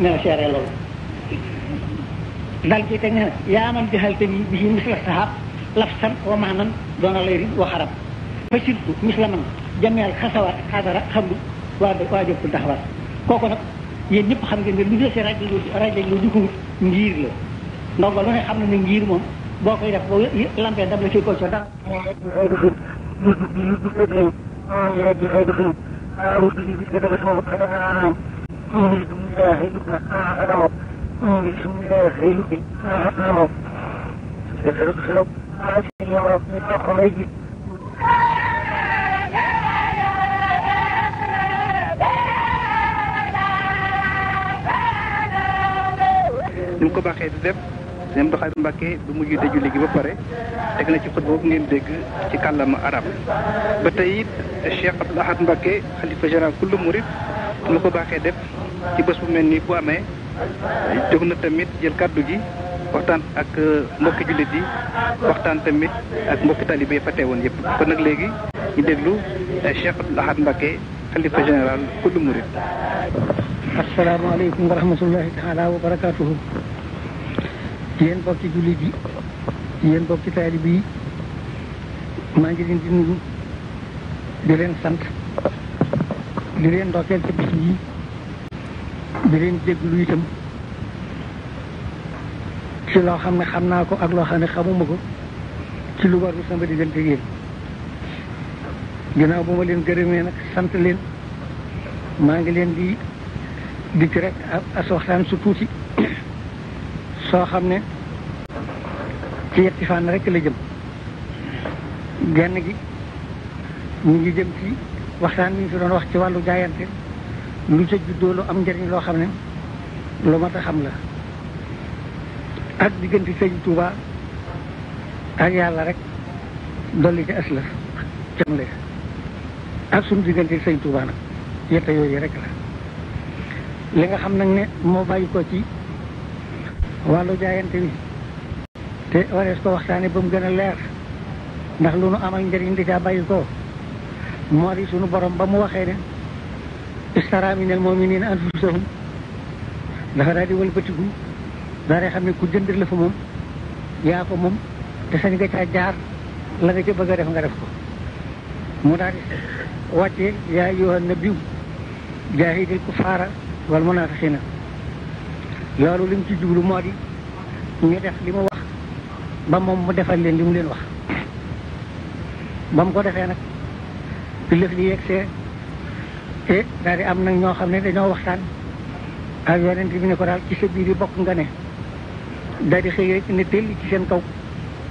ne la seeree loolu dal cay teg ne yaa man jaxalte bi bi si misla sahab lafsan wa maanan doona lay rin wa xarab fa surtout misla man jameel xasawaat xadara xamdu waa waa jëpp taxawaat kooku nag yéen ñëpp xam ngeen ne lu dese rajo rajo lu di ko ngir la ndongo lu ne xam na ne ngir moom boo koy def boo lampee dab la ci ko ca dara. ni mu ko baaxee di def sëñ Abdou Khadre Mbacké bi mu jiite julli gi ba pare teg na ci xutba boobu ngeen dégg ci kàllaama arab ba tey it Cheikh Abdou Ahad Mbacké xalifa général kullu murid ni mu ko baaxee def ci bés bu mel nii bu amee jóg na tamit jël kàddu gi waxtaan ak euh, mbokki jullit yi waxtaan tamit ak mbokki talibé yi fa teewoon yëpp kon nag léegi ñu déglu euh, Cheikh Abdou Ahad Mbacké xalifa général kullu murid السلام عليكم ورحمة الله تعالى وبركاته yéen bokki jullit yi yéen bokki taalib yi maa ngi leen di nuyu di leen sant di leen ndokkeel ci bis yi di leen jéglu itam ci loo xam ne xam naa ko ak loo xam ne xamuma ko ci lu waru sama diggante yéen ginnaaw bu ma leen gërëmee nag sant leen maa ngi leen di dikk rek as waxtaan su tuuti soo xam ne ci yetti fànn rek la jëm genn gi ñu ngi jëm ci waxtaan bi ñu fi doon wax ci wàllu jaayante lu ca juddoo lu am njëriñ loo xam ne lu mat a xam la ak diggante sëñ Touba ak yàlla rek dolli ci as cam le ak suñu diggante sëñ Touba nag yette yooyu rek la li nga xam nag ne moo bàyyi ko ci wàllu jaayante bi te warees ko waxtaane ba mu gën a leer ndax lu nu amal njëriñ di caa bàyyi ko moo di sunu borom ba mu waxee ne istara minal mu'minina anfusahum dafa daal di wëlbatiku daanaka xam ne ku jënd la fa moom yaa ko moom te sañ nga jaar la nga ca bëgg a def nga def ko mu daal di wàccee yaa ayyuhan nabiyyu jaahidil kuffaara wal munaafiqiina loolu li mu ci jublu moo di ñu def li mu wax ba moom mu defal leen li mu leen wax ba mu ko defee nag bi lëf li yegsee te daal am nag ñoo xam ne dañoo waxtaan ak yonent bi ne ko daal ci sa biir yi bokk nga ne daal di xëy rek ne tell ci seen kaw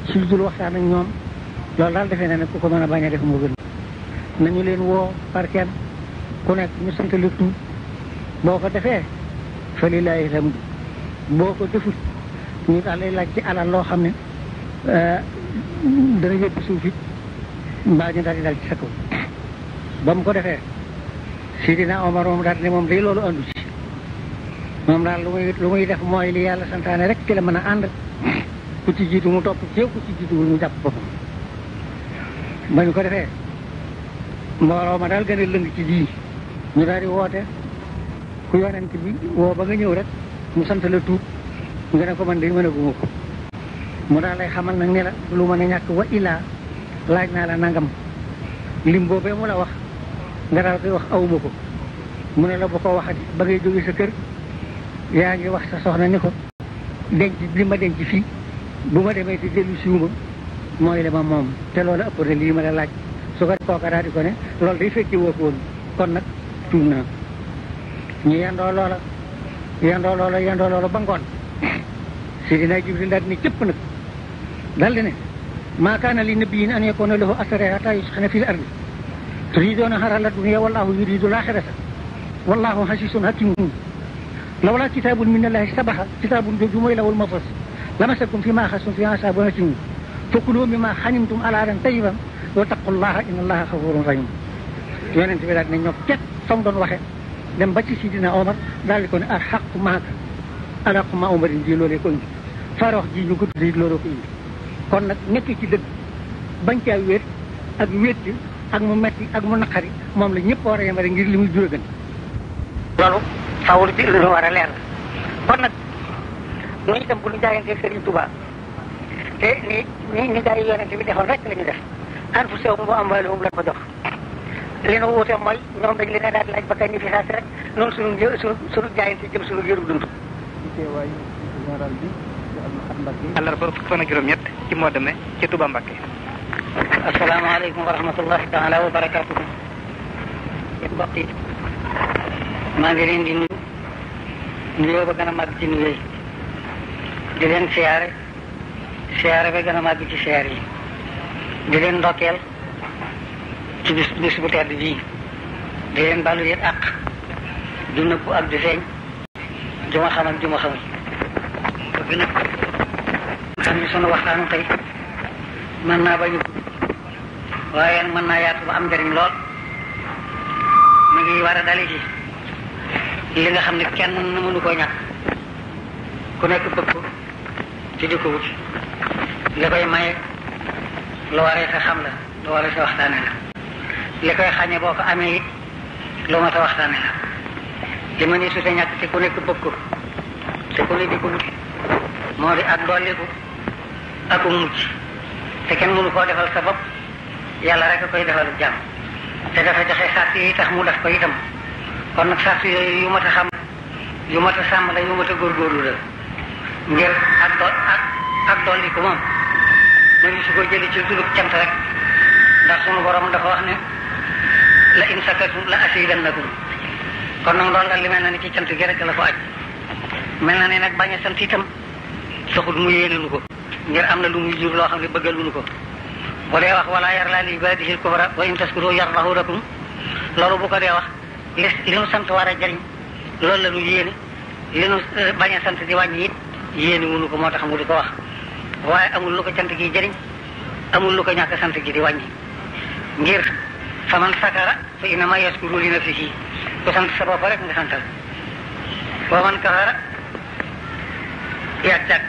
si lu dul waxtaan ñoom loolu daal defee na ne ku ko mën a bañ a def moo gën nañu leen woo par ku nekk ñu sant lu boo ko defee fa lillaahi alhamdu boo ko deful ñu daal lay laaj ci alal loo xam ne eh, dana yëpp suuf it mbaa ñu daal di ci sa ba mu ko defee Sidina Omar moom daal moom day loolu andu ci moom daal lu muy lu muy def mooy li yàlla santaane rek ci la mën a ànd ku ci jiitu mu topp ci ku ci jiituwul mu jàpp boppam ba ñu ko defee moo ma daal gën a lëng ci ji ñu daal di woote ku yonent bi woo ba nga ñëw rek mu sant la tuub nga ne ko man day mën a guma ko mu daal lay xamal nag ne la lu mën a ñàkk wa ilaa laaj naa la nangam lim boobee mu la wax nga daal koy wax awuma ko mu ne la bu ko waxati ba ngay jóge sa kër yaa ngi wax sa soxna ni ko denc bi ma denc fii bu ma demee te dellu siwuma mooy le ma moom te loolu ëpp na lii ma la laaj su ko kooka daal di ko ne loolu day fekkee woo ko woon kon nag tuub naa ñu yendoo loola yendoo loola yendoo loola ba ngoon sidina jibril daal ni cëpp nag dal di ne ما كان لنبي أن يكون له أثر حتى يسخن في الأرض تريدون هر الدنيا والله يريد الآخرة والله حسيس حكيم لولا كتاب من الله سبح كتاب جمع له المفص لمسكم فيما أخذتم فيها أصحاب حكيم فكلوا مما حنمتم على أرض طيبا واتقوا الله إن الله غفور رحيم يونس بلاد نيوك كت سم دون وخه dem ba ci sidina Omar daal di ko ne ak xaqu maaka alaqu ma Omarin ji loolee ko indi farox ji ñu ko tudd ko indi kon nag nekk ci dëgg bañ caa wéet ak wéet ak mu metti ak mu naqari moom la ñëpp war a yemale ngir li muy jur gën. loolu faaw war a leer kon nag ñooñu itam bu ñu jaayanteeg Serigne Touba te ni ni ni gars yi yonente bi defoon rek la ñu def an fu sew mu am wàllu la ko jox. li nu wuute mooy ñoom dañ leen a daal laaj ba kañ sunu sunu sunu jaayante jëm sunu yëru dund. àllarba fukki fan ak juróom-ñett ci moo demee ci Touba Mbacké. asalaamaaleykum wa rahmatullahi taala wa yi maa ngi leen di nuyu ba gën a màgg ci nuyoo yi di ba gën a màgg ci siyaare ci bis bis bu tedd bii di leen baalu yéen àq du ak du feeñ ju ma xam ak ju ma xamul bëgg nag xam ne sunu waxtaanu tey mën naa bañu waaye mën naa yaatu ba am lool mu ngi war a dale ci li nga xam ne kenn mënu koo ñàkk ku nekk bëgg ko ci di ko wut la koy maye lu waree sa xam la lu waree sa waxtaane la li koy xañe boo ko amee it lu a waxtaan waxtaane la li ma ni tuuti ñàkk te ku nekk bëgg ko te ku ne di ko wuti moo di ak dolliku ak mucc te mënu koo defal sa bopp yàlla rek a koy defal jàmm te dafa joxe yi tax mu def ko itam kon sart yooyu a xam yu a sàmm la yu mat a góorgóorlu la ngir ak ko jëli ci dulub cant rek ndax sunu borom dafa wax ne la in shakartum la na kon nag loolu daal li mel na ni ci cant gi rek ko aj mel na ne nag bañ a sant itam saxul mu yéene nu ko ngir am na lu muy jur loo xam ne bëggalu nu ko bu dee wax wala yar laa li ibaadihi l-kufra wa in taskuru yardahu lakum loolu bu ko dee wax li li nu sant war a jariñ loolu la nu yéene li nu eh, bañ a sant di wàññi it yéene ko moo tax mu di ko wax waaye amul lu ko cant gi jariñ amul lu ko ñàkk sant gi di wàññi ngir faman sakara fa innama yaskuru li nafsihi ko sant sa bopp rek nga santal wa man kafara yaa càkk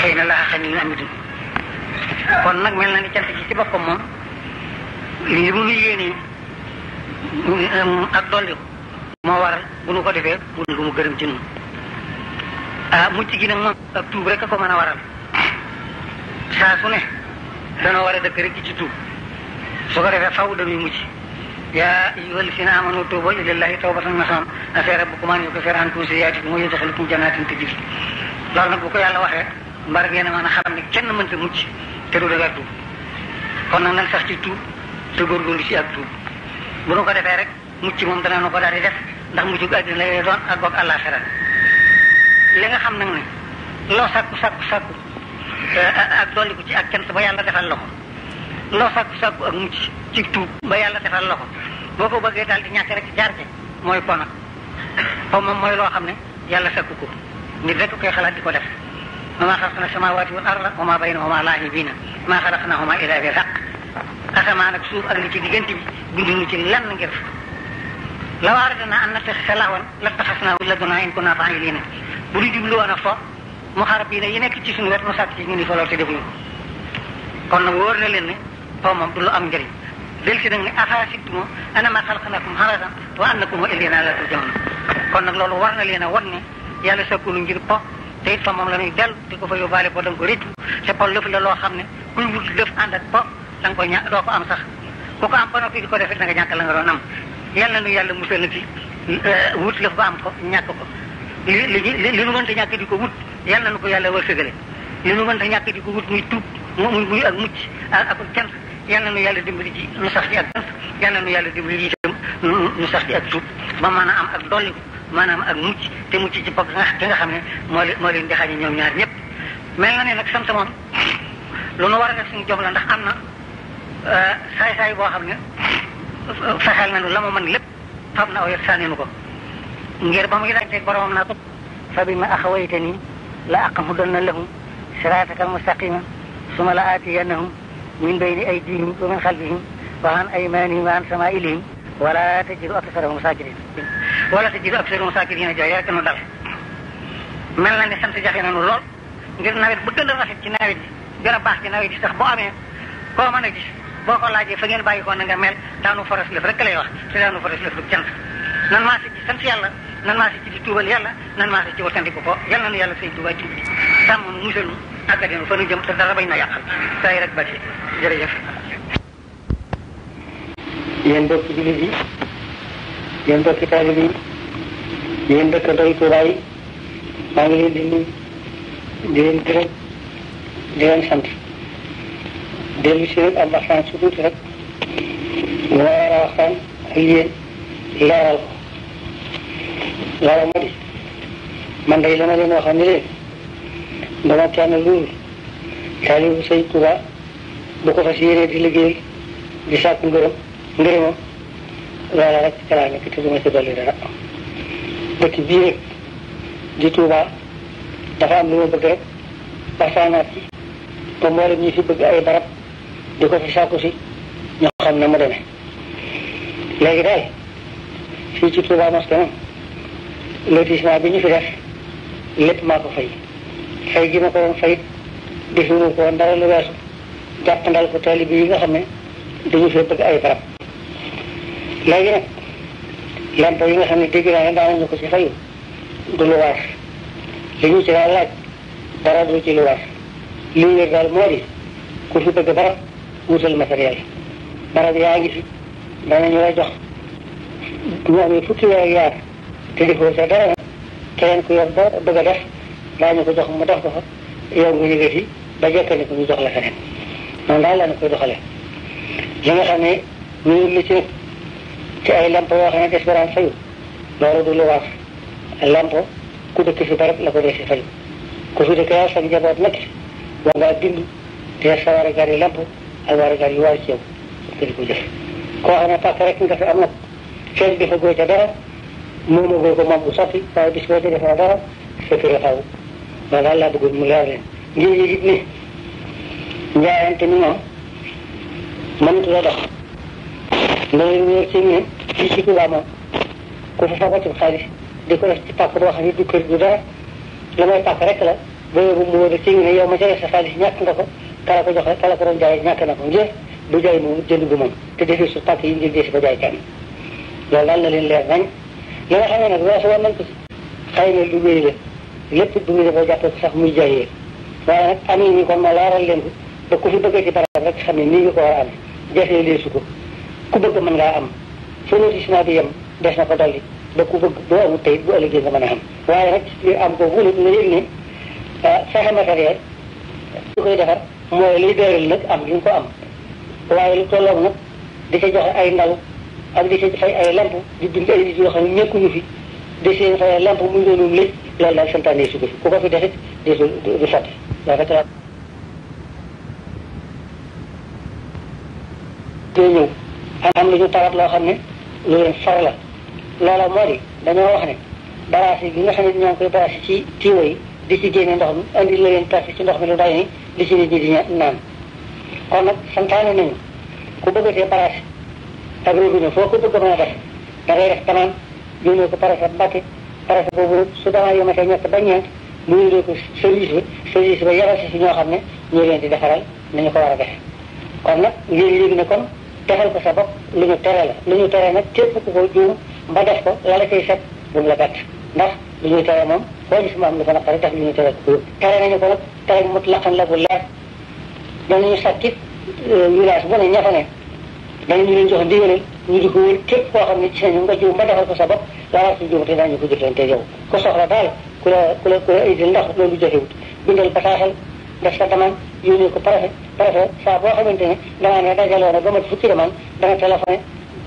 xëy na laa xam ne kon nag mel na ni cant ci ci boppam moom lii mu ngi yéene ak dolli moo waral bu nu ko defee bu nu mu gërëm ah mucc gi nag moom ak tuub rek a ko mën a waral saa su ne dana war a dëkk rek ci tuub su ko defee faw dañuy mucc yaa ayyuha allazina amanu tuubu ilallahi tawbatan nasuha asaa rabbukum an yukafira ankum sayyi'aatikum wa yudkhilakum jannatin tajri loolu nag bu ko yàlla waxee mbar ngeen a mën a xam ne kenn mënta mucc te du dëgg ak tuub kon nag nan sax ci tuub te góorgóorlu ci ak tuub bu nu ko defee rek mucc moom dana nu ko daal di def ndax mucc àddina lay doon ak boog àllaaxira li nga xam nag ne loo sàkku sàkku sàkku eh, ak dolli ko ci ak cant ba yàlla defal la ko loo sakku sakku ak mucc ci tuub ba yàlla defal la ko boo ko bëggee daal di ñàkk rek jaar ci mooy pono po moom mooy loo xam ne yàlla sakku ko nit rek koy xalaat di ko def wa maa xalaqna samawaati wal arda wa maa baynahumaa laa'ibiina maa xalaqnaahumaa illaa bil haqq asamaan ak suuf ak li ci diggante bi binduñu ci lan ngir law aradnaa an nattaxisa lahwan lattaxasnaahu min ladunnaa in kunnaa naa bu ñu jublu woon a fo muxarrabiina yi nekk ci suñu wet mu sàkk ci ñu ni fa lool te defuñu kon na leen pomam du lu am ngari del ci nag ni afaasituma ana ma xalqanakum harasan wa annakum ilayna la turjaun kon nak lolu war na leena a ni yalla sakku lu ngir po te it la ñuy di ko fa yóbbaale po da nga ko rit te po lepp la lo xamne kuy wut def ànd po dang ko ñaa do ko am sax ko ko am ba noppi di ko defit da nga ñàkk la nga doon am yalla nu yalla musal na ci euh, wut lëf ba am ko ñak ko li lu mënta di ko wut yalla nu ko yalla wërsegalé li lu mënta ñak di ko wut muy tup mu muy ak mucc ak ak yal nu yàlla dimbali ji nu sax di ak jub yal na nu yàlla dimbali ji itam nu sax di ak jub ba maanaam am ak dolli maanaam ak mucc te mucc ci bopp ki nga xam ne moo leen moo leen di xañe ñoom ñaar ñëpp. mel na ne nag sant moom lu nu war a def suñu jom la ndax am na euh, saay-saay boo xam ne fexeel nañu la mu mën lépp fab na aw yat sànni nu ko ngir ba muy daanteeg boromam naa ko fa bi ma axawaytani la aq'udanna lahum siraataka al mustaqima la la aatiyannahum min bayni aydihim wa min xalfihim wa an aymanihim wa an samailihim wala tajidu aksarahum sakirin wala tajidu aksarahum sakirin jooy rek nu dal mel na ni sant jafe na nu lool ngir nawet bu gën a rafet ci nawet bi gën a baax ci nawet bi sax boo amee koo mën a gis boo ko laajee fa ngeen bàyyi ko na ga mel daanu faras lëf rek lay wax te daanu faras lëf lu cant nan maa si ci sant yàlla nan maa si ci di tuubal yàlla nan maa si ci wattandiku ko yàlla na nu yàlla say tuubaa jubbi àggati nu fa nu jëm te dara bañ na yàqal saa yi rek bati jërëjëf yéen mbokki jullit yi yéen mbokki taalib yi yéen dëkk ndoy Tuubaa yi maa ngi leen di nuyu di leen gërëm di leen sant dellu si rek am waxtaan su tuuti rek lu ma war a waxtaan ak yéen leeral ko loolu moo di man day la ma leen waxoon ni leen dana tànn loolu taalibu sëñ Tuba bu ko fas di liggéey di sàkku ngërëm ngërëmam loola rek kala laa nekk te ci dalira ko dëkk bi rek di Tuba dafa am lu ma bëgg rek na ci ko mo la ñi ci bëgg ay barab di ko fi sàkku ci ñu xam na mu demee léegi day ci ci Tuba moské moom lotissement bi ñu fi def lépp maa ko fay fay ji ma ko doon fay defi ma ko dara lu weesu jàppandal ko taalibe yi nga xam ne dañu fee bëgg ay barab. léegi nag lampo yi nga xam ne dégg naa ne daawuñu ko ci fayu du lu war li ñu ci daal laaj dara du ci lu war li ñu daal moo di ku fi bëgg barab wutal matériel barab yaa ngi fi danañu la jox ñu amee fukki weer yaar te defoo sa dara keneen ku yor ba bëgg a def. Banyak ñu ko jox mu def ko fa yow nga yëge fi ba jekkale ko ñu jox la feneen noonu daal lañ koy doxale li nga xam ne ñu li ci ci ay lamp yoo xam ne des baraan fayu loolu du lu waaf lamp ku dëkk fi barab la ko dee si fayu ku fi dëkk yaa sa njaboot nag war ngaa dind te sa war a gar yi lamp ak war a gar yu ci yow di ko jëf koo xam ne rek nga fi am nag ca dara ko bu soppi waaye bis boo dara loolu daal laa bëggoon mu leer leen ngir yëg it ne njaayante mi moom mënatu la dox nga leen wóor ci ne fii ci Tuubaa moom ku fa fagoo ci xaalis di ko def ci pàkk boo xam ne du kër du dara la may pàkk rek la ba yóbbu mu wóor ci ne yow ma jëlee sa xaalis kala ko kala ko doon jaay ñàkk na ko njël du jaay moom jënd gu moom te defee su pàkk yi njël dee ko jaay kenn loolu daal ne nag weesu woon nañ ko si xëy lépp ñu dafa jàpp sax muy jaayee waaye nag amee ñi ko ma leeral leen ba ku fi bëgg ci barab rek xam ne nii nga ko war a am jafee leesu ko ku bëgg mën ngaa am fa lotissement di yem def na ko dolli ba ku bëgg boo amul tey bu ëllëgee nga mën a am waaye nag li am ko wulit nga yëg ne ah, fexe matériel su koy defar mooy liy dëral nag am li nga ko am waaye lu tolloog nag di ca joxe ay ndaw am di ca fay ay lamp di dund ay nit yoo xam ne nekkuñu fi décé fa lamp mu ñu ñu lépp loolu daal santaane su ko ko fi defit di du fàtte loolu rek la day ñëw am lu ñu tawat loo xam ne lu leen far la loola moo di dañoo wax ne baraasi bi nga xam ñoo koy baraasi ci tiwo yi di ci génne ndox mi andi la leen tasse ci ndox mi lu doy ni di ci nit ñi di naan kon nag santaane nañu ku bëggatee baraasi ak réew bi ne foo bëgg mën def da ngay def tanaan yónnee ko préfet Bakke préfet boobu su damaa yomatee ñett ba ñeent mu yónnee ko service bi service ba yabal si ñoo xam ne ñoo leen di defaral nañu ko war a def kon nag yéen léegi ne kon defal ko sa bopp lu ñu tere la ñu tere nag képp ku ko juum ba def ko la la koy set bu mu la bett ndax lu ñuy tere moom koo gis mu am lu ko naqari def lu ñuy tere ko tere nañu ko nag tere mut laqan la bu leer danañu sàkki euh, village ne ña fa ne danañu leen jox ndigalal ñu di ko wër képp koo xam ne ci sañu nga jiw ba defal ko sa bopp dara si jiw te daañu ko jëflante yow ku soxla daal ku la ku la ku la indil ndax loolu jafewut bindal bataaxal def sa demande yónnee ko préfet préfet saa boo xamante ne dangaa ne dajaloo na ba mat fukki demande danga téléphoné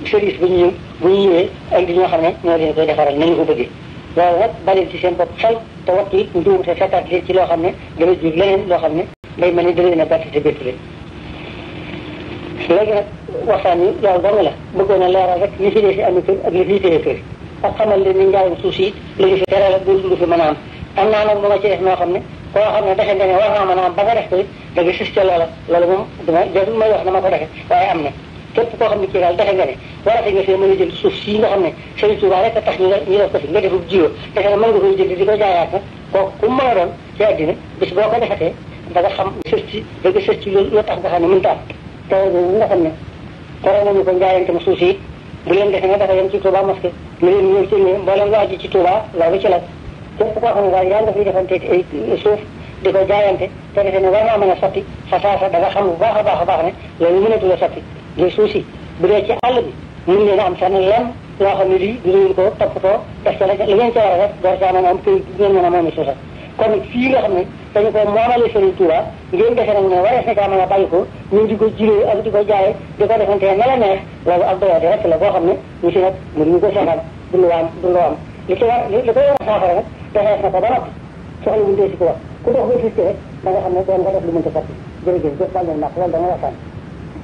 service bu ñu ñëw ñu ñëwee ñoo xam ne ñoo leen koy defaral nañu ko bëggee loolu nag bari ci seen bopp xel te wattu it nduum te fekkaat leen ci loo xam ne dana jur leneen xam ne day ma ni dana leen a bett te bett laga waxaani yow dong la bëggoon a leeral rek li fi dee si amatul ak li fi tee kër ak xamal leen ni njaayam suuf si li ñu fi tere la dul du fi mën a am am naa nag lu ma ci def noo xam ne koo xam ne defe nga ne war naa mën a am ba nga def ko it da nga sis ca loola loolu moom dama jarul may wax na ma ko defe waaye am na képp koo xam ne kii daal defe nga ne warate nga fee mën a jël suuf sii nga xam ne Sëriñ Tuubaa rek a tax ñu ñu def ko fi nga defub jiwo defe ne mën nga koy jënd di ko jaayaat nag kooku ku mën a doon ci àddina bis boo ko defetee da nga xam sës ci da nga sës ci lu tax nga xam ne mënta am teew boobu nga xam ne tere nañu ko njaayante ma suuf si bu leen defe ne dafa yem ci Touba mosquée lu leen ñëw ci ne mboolem lu aju ci Touba loolu ci la képp koo xam ne waaye yaa nga fiy defante ay suuf di ko jaayante te defe ne war naa mën a sotti sa saasa da nga xam bu baax a baax a baax ne loolu mënatu la sotti ngay suuf si bu dee ci àll bi mën leen a am fenn lenn loo xam ne lii dinañu ko toppatoo def ca la li ngeen ca war a def door caa mën a am këy ngeen mën a moom suusa kon fii nga xam ne dañu ko moomale sëriñ Touba ngeen defe nag ne warees na caa mën a bàyyi ko ñu di ko juree ak di ko jaaye di ko defante na la neex loolu ak doyaate rek la boo xam ne ñu si nag mu ñu ko seetaan du lu am du lu am li ci war li li koy war a saafara nag defees na ko ba noppi soxla wuñ dee si ko wax ku dox ba fis rek da nga xam ne doon nga def lu mënta fatti jërëjëf jëf bàl leen naq loolu waxtaan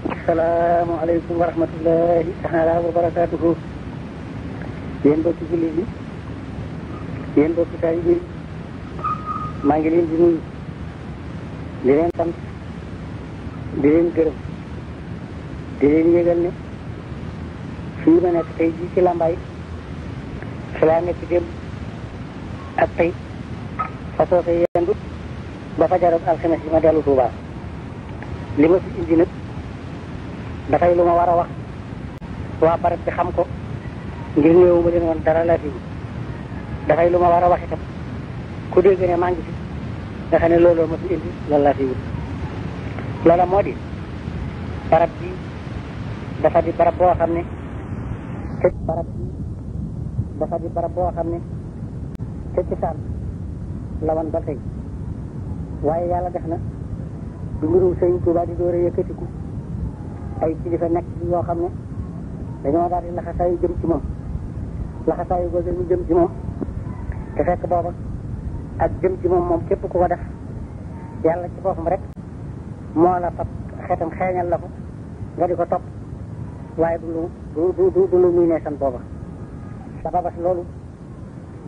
asalaamaaleykum wa rahmatullahi taala wa barakatuhu yéen bokki jullit yi yéen bokki taalibe yi maa ngi leen di nuyu di leen sant di leen gërëm di leen yëgal ne fii ma nekk tey jii ci Lambaye fi laa nekk démb ak tey fa soose yendu ba fajaroog alxames yi ma dellu Tuubaa li ma fi dafay lu ma war a wax waa barab bi xam ko ngir néewu ma leen woon dara laa dafay lu ma war a wax ku dégg ne maa ngi ne looloo ma fi indi loolu laa fi wut loola moo di barab bi dafa di barab boo xam ne te barab bi dafa boo xam ne te saan la woon ba tey waaye yàlla def na du mbirum sëñ Tuubaa di ci a yëkkatiku nekk bi yoo xam ne dañoo daal di laxasaayu jëm ci moom laxasaayu googu ñu jëm ci ak jëm ci moom moom képp ko ko def yàlla ci boppam rek moo la fab xetam xeeñal la ko nga di ko topp waaye du lu du du du lu muy ne booba sababas loolu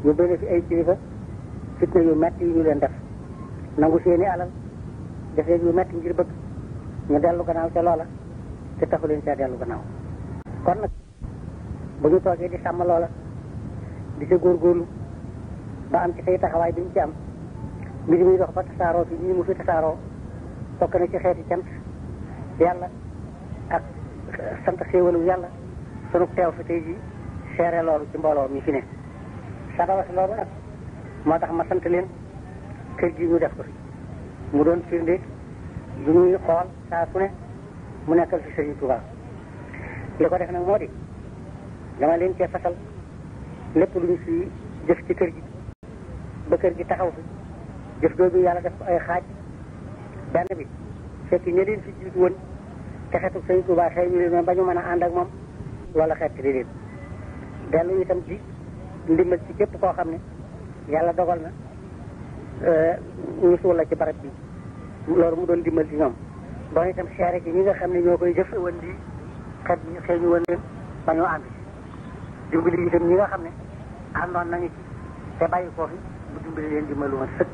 ñu bëri fi ay kilifa fitna yu metti yu ñu leen def nangu seeni alal def leen yu metti ngir bëgg ñu dellu gannaaw ca loola te taxu leen ca dellu gannaaw kon nag bu ñu toogee di sàmm loola di ca góorgóorlu ba am ci say taxawaay bi ñu ci am mbir mi dox ba tasaaroo fi nii mu fi tasaaroo bokk na ci xeeti cant yàlla ak sant xéewalu yàlla sunu teew fi tey ji seere loolu ci mbooloo mi fi ne sababas loolu nag moo tax ma sant leen kër gi ñu def mu doon firnde lu ñuy xool saa su ne mu nekkal fi Sëriñ Tuubaa li ko def nag moo di dama leen cee fasal lépp lu ñu fi jëf ci kër gi ba kër gi taxaw fi jëf jooju yàlla def ko ay xaaj benn bi fekk ña leen fi jiitu woon te xeetu sëñ Tuubaa xëy ñu leen ba ñu mën a ànd ak moom loolu xeet di leen dellu itam ci ndimbal ci képp koo xam ne yàlla dogal na eh, ñu suul la ci barab bi loolu mu doon ndimbal ci ñoom doon itam seere ci ñi nga xam ne ñoo koy jëfe woon lii xeet bi xëy ñu woon leen ba ñoo ànd ci dimbali itam ñi nga xam ne àndoon nañu ci te bàyyi ko fi mu dimbali leen dimbalu ma sëkk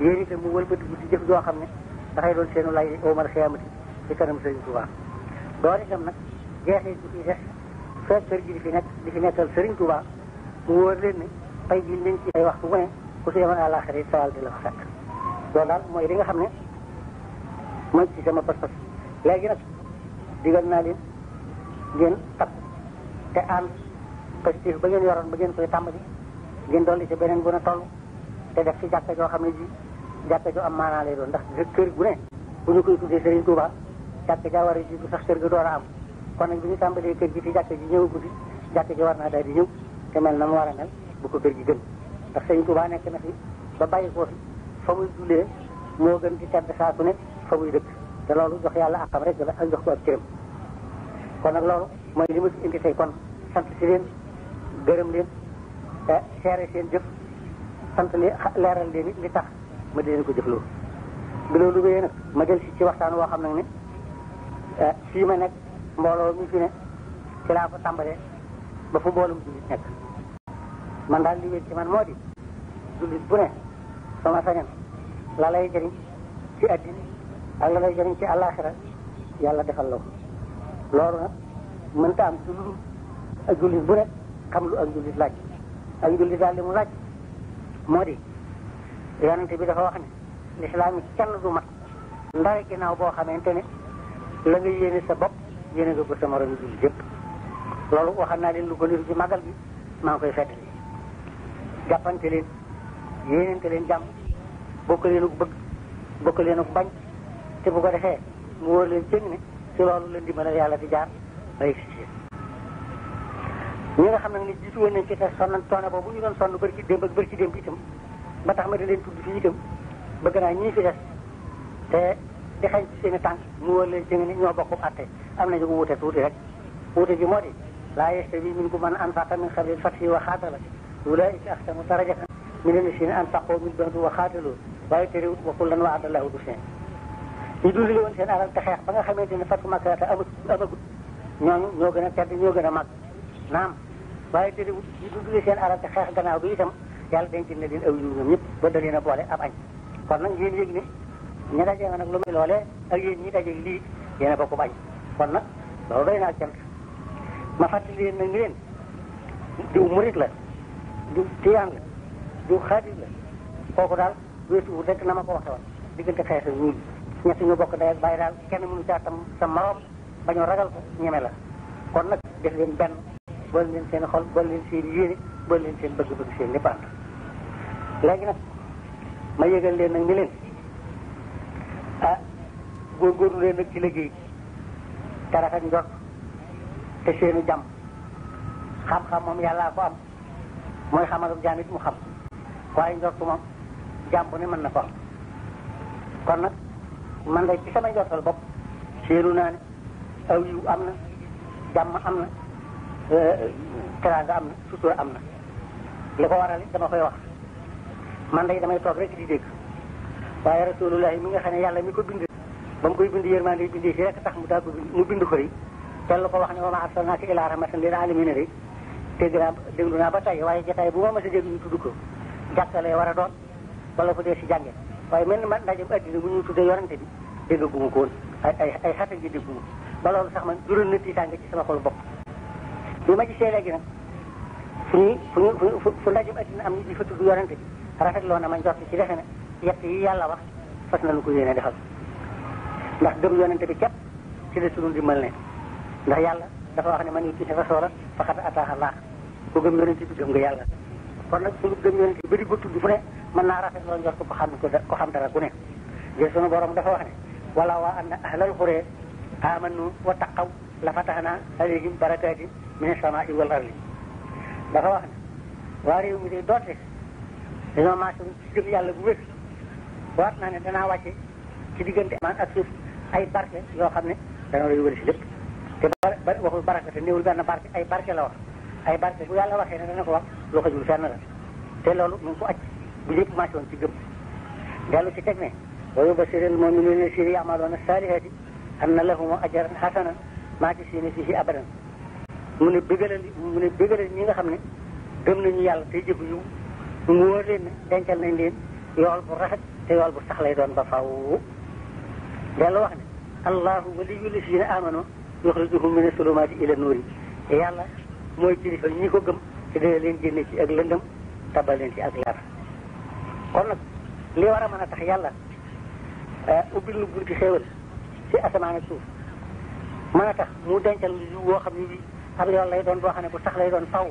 yéen itam mu wëlbatiku ci jëf joo xam ne dafay doon seenu lay omal xiyaamati ci kanam Sëriñ Tuubaa loolu itam nag jeexee bu ciy des fekk kër gi di fi nekk di fi nekkal Sëriñ Tuubaa mu wóor leen ji leen ci ay waxtu bu ne ku si yemoon àllaaxira yi sawal di la ko fekk loolu daal mooy li nga xam ne mooy ci sama pas-pas léegi nag digal naa leen ngeen takk te ànd positif ba ngeen yoroon ba ngeen koy tàmbali ngeen dolli ci beneen bu na toll te def ci jàkka joo xam ne ji jàkka joo am maanaa lay doon ndax kër gu ne bu ñu koy tuddee Serigne Touba jàkka jaa war a jiitu sax kër ga door a am kon nag bu ñu tàmbalee kër gi ci jàkka ji ñëw guddi jàkka ji war naa daal di ñëw te mel na mu war a mel bu ko kër gi gën ndax Serigne Touba nekk na fi ba bàyyi ko fi fa muy jullee moo gën di tedd saa su ne fa muy dëkk te loolu jox yàlla àqam rek ak jox ko ak cëram kon nag loolu mooy li ma ci indi tey kon sant si leen gërëm leen te eh, seere seen sant li leeral leen li tax ma di leen ko jëfloo bi loolu wéyee nag ma del si ci waxtaan woo xam nag ne eh, fii ma nekk mbooloo mi fi ne ci laa ko tàmbalee ba fu mboolum jullit nekk man daal li wéy ci man moo di jullit bu ne sama sañan la lay jëriñ ci addina ak la lay ci àllaaxira yàlla defal la loolu na mënta am ci lu jullit bu ne xam lu ak jullit laaj ak jullit daal li mu laaj moo di yonente bi dafa wax ne lislaam yi kenn du mat ndare ginnaaw boo xamante ne la nga yéene sa bopp yéene nga ko sa morom julli yëpp loolu waxal naa leen lu ko li ci magal bi maa ngi koy fedd li jàppante leen yéenente leen jàmm bokk leen ak bëgg bokk leen ak bañ te bu ko defee mu wóor leen cëng ne ci loolu leen di mën a yàlla di jaar bay si ñi nga xam ne ni jiitu woon nañ ci te sonn toone boobu ñu doon sonn bari ci démb ak bari ci démb itam ba tax ma di leen tudd fii itam bëgg naa ñii fi des te di xañ ci seen i tànk mu wóor leen ci ni ñoo bokk am nañu ko wuute tuuti rek wuute ji moo di laa yastawi minkum man anfaqa min qabli al-fathi wa qaatala ulaa'ika ahsanu darajatan mina allaziina anfaqu min ba'du wa qaatalu waaye terewut wa kullan wa'ada Allahu l-husnaa ñu dundale woon seen alal te xeex ba nga xamante ne fatu Makka amagut ñooñu ñoo gën a tedd ñoo gën a màgg naam waaye te wut ñu dundale seen alal te xeex gannaaw bi itam yàlla denc na leen aw yiw ñëpp ba da leen a boole ab añ kon nag ngeen yëg ne ñi daje nag lu a bokk bañ kon nag loolu doy na ak cant ma fàttali la du tiyaan la du xaadir na ma ko waxe woon diggante xeex ak ñii ñett daal kenn mënu caa tam sa ragal la kon nag def leen benn bool leen seen xol bool leen seen yéene bool leen seen bëgg-bëgg seen lépp ànd léegi nag ma yëgal leen nag ni leen ah góorgóorlu leen nag ci liggéey te rafet njort te seenu jàmm xam-xam moom yàllaa ko am mooy xamal ak jaam it mu xam waaye njort moom jàmm bu ne mën na ko kon nag man lay ci sama njortal bopp seenu naa ne aw am na jàmm am na teraanga am na sutura am na li ko waral dama koy wax man day damay toog rek di dégg waaye rasulullahi mi nga xam ne yàlla mi ko bind ba mu koy bind yërmande bindee si tax mu daa ko mu bind ko yi te ko wax ne wa maa arsalnaaka illaa rahmatan lil aalamiina de dégg naa ba tey waaye jotaay bu ma mës a dégg ñu tudd ko jàkkalee war a doon wala ko dee si jànge waaye mel ni man ndaje bu addina bu ñu tuddee yorante bi dégg gu ma ko woon ay ay ay xatal ji dégg ma ba loolu sax man jural na tiitaange ci sama xol bopp bi ma gisee léegi nag fu ñuy fu ñu fu fu ndajum addina am nit ñi fa ma njort ci defe ne yett yi yàlla wax fas nañu ko yéene defal ndax gëm yonente bi képp ci la sunu dimbal ne ndax yàlla dafa wax ne man yuti rasoola faqad ataaha Allah ku gëm yonente bi gëm nga yàlla kon nag suñu gëm yonente bi ba di ko tudd fu ne mën naa rafetloo njort ko xam ko xam dara ku ne jël sunu borom dafa wax ne wala waa anna ahlal xuree amanu wa taqaw la fataxnaa alayhim barakaati من السماء والأرض دخوانا واريو مدي دوتك إذا ما سن سجل يالك بيك واتنا ندنا واجه كده جنت أمان أسف أي باركة يو خبني دانو ريو بري سلب وخو باركة سنو لبانا باركة أي باركة لو أي باركة كو يالا واجه ندنا خوا لوخ جلسان نرس تلو لو منكو أج بجيب ما سن سجل قالوا تتكني ويبصر المؤمنين سيري أعمالون الصالحة أن لهم أجرا حسنا ما تسيني فيه أبدا mu ne bëggalal mu ne bëggalal ñi nga xam ne gëm nañu yàlla tey jëf yu mu wóor leen ne dencal nañ leen yool bu rafet te yool bu sax lay doon ba faw dellu wax ne allahu waliyul lazina amanu yuxrijuhum mina sulumaati yàlla mooy kilifa ñi ko gëm te leen génne ci ak lëndëm tabal leen ci ak leer kon nag li war a mën a tax yàlla eh, ubbil nu bunti xéewal ci asamaan suuf mën tax mu dencal lu woo xam ne ab yoon lay doon boo xam ne bu sax lay doon faw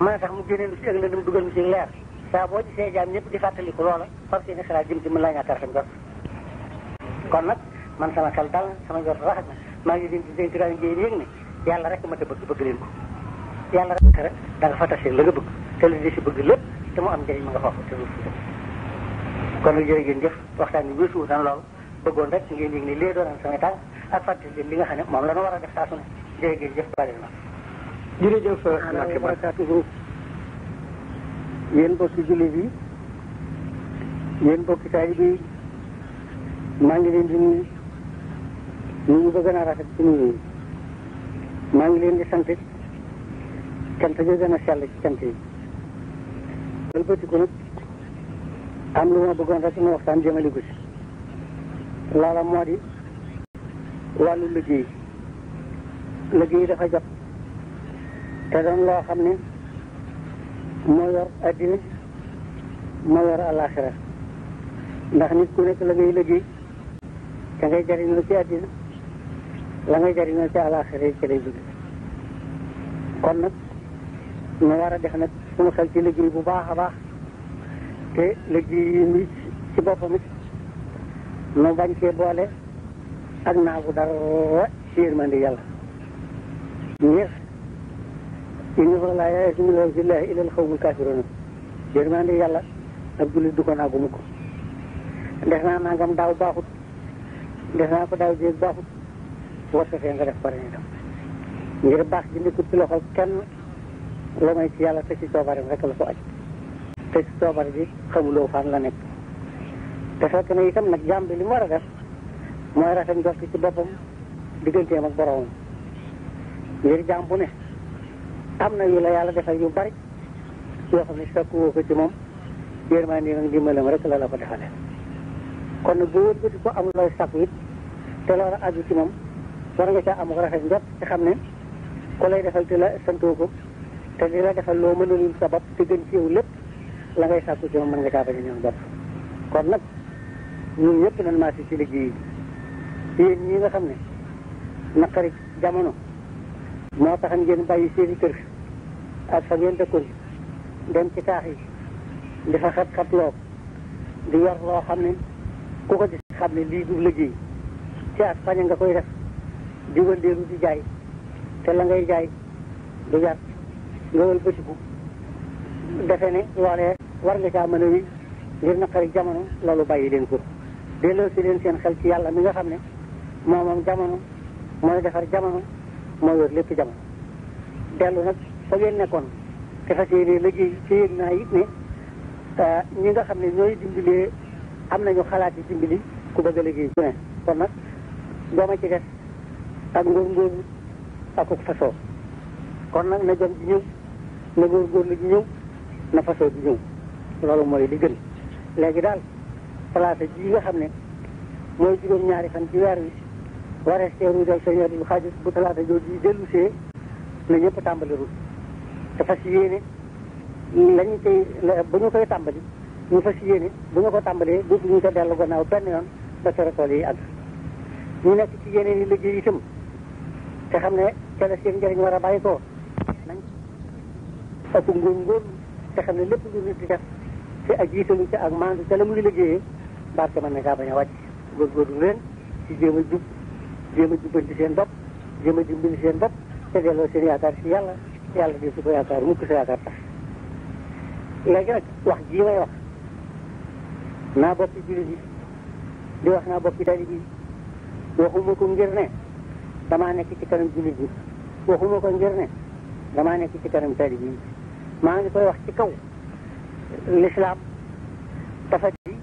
mën a tax mu génnee si ak lëndëm dugal nu si leer saa boo gisee jaam ñëpp di fàttaliku loola far seeni xalaat jëm ci mën laa ñaatar sam jot kon nag man sama xel dal sama jot raxat na maa ngi dénk dénk daal ngeen yëg ne yàlla rek ma bëgg bëgg leen ko yàlla rek rek da nga la nga bëgg te di si bëgg lépp te mu am njëriñ ma nga foofu te lu kon jërë ngeen jëf waxtaan dan loolu bëggoon rek ngeen yëg ne lee doon sama tànk ak fàttali li nga xam ne moom la nu war a def saa su ne jërëjëf bari na. jërëjëf Mbacke Mbacke. yéen mbokki jullit yi yéen mbokki taalibe yi maa ngi leen di nuyu ñu ngi bëgg naa rafet ci nuyu yi maa ngi leen di sant cant gi gën a sell ci cant yi. wëlbati ko nag am lu ma bëggoon rek ma waxtaan jëmale ko si. liggéey dafa jot te doon loo xam ni moo yor addina moo ndax nit ku nekk la ngay liggéey da ngay ci addina la ngay jariñoo ci àllaaxira ci lay kon nag ñu war a def nag suñu ci liggéey bu baax a baax te liggéey ci boppam it nu bañ cee boole ak naa bu dara ci yërmande yàlla ñëpp inna ko laa yasmiloo billahi ilal xawmul kaafiroona yërmande yàlla ab jullit du ko naagu mukk def naa nangam daaw baaxut def naa ko daaw jéeg baaxut war sa fee pare itam ngir baax gi nekkul ci loxol kenn loo ci yàlla te ci coobareem rek ko aj te ci coobare ji xamuloo fan la nekk te fekk na itam nag jàmm bi li mu war a def mooy rafet njort ci boppam digganteem ak boromam ngir jaam bu ne am na yu la yàlla defal yu bari yoo xam ne sakku woo ko ci moom yërmande nag dimbalam rek la la ko defalee kon nag bu wëlbati ko am looy sakku it te loola aju ci moom war nga caa am xam ne ku lay defal te la santoo ko te la defal loo mënalul sa bopp te gën lépp la ngay sakku ci moom mën nga caa bañ a ñëpp nañ maa ci liggéey yi yéen nga xam ne naqari jamono. moo tax ngeen bàyyi seen i kër ak fa ngeen dëkkoon dem ci taax yi di fa xat-xat loo di yor loo xam ne ku ko gis xam ne lii du liggéey ci ak faña nga koy def di wëndeelu di jaay te la ngay jaay du jar nga wëlbatiku defe ne loolee war nga caa mën a wi ngir naqari jamono loolu bàyyi leen ko delloo si leen seen xel ci yàlla mi nga xam ne moom moom jamono mooy defar jamono moo yor lépp jamono dellu nag fa ngeen nekkoon te fas yéene liggéey ci yéen naa it ne ñi nga xam ne ñooy dimbalee am nañu xalaat yi dimbali ku bëgg a liggéey ku ne kon nag dooma ci des ak ngóor-ngóorlu ak ko fasoo kon nag na jom ji ñëw na góor-góorlu ji ñëw na fasoo ji ñëw loolu mooy li gën léegi daal place ji nga xam ne mooy juróom-ñaari fan ci waree teeru del sëñ Abdul Xaadir bu talaata jooju yi dellu see na ñëpp tàmbali ruut te fas yéene lañu koy ba ñu koy tàmbali ñu fas yéene bu ñu ko tàmbalee dootu ñu ko dellu gannaaw benn yoon ba tere yi àgg ñu nekk ci yeneen yi liggéey itam te xam ne ca la seen war a bàyyi ko nañ ëpp ngóor-ngóor te xam ne lépp lu nit di def te ak jiitalu ca ak maandu ca la muy liggéeyee barke mën na kaa bañ a wàcc góorgóorlu leen ci jéem a jub jéem a jubbanti seen bopp jéem a dimbali seen bopp te delloo seen yaakaar yàlla yàlla di su ko yaakaar mukk sa yaakaar tax léegi wax jii may wax naa boppi jullit yi di wax naa boppi tali bi waxuma ko ngir ne damaa nekk ci kanam jullit yi waxuma ko ngir ne damaa nekk ci kanam tali bi maa ngi koy wax ci kaw lislaam dafa di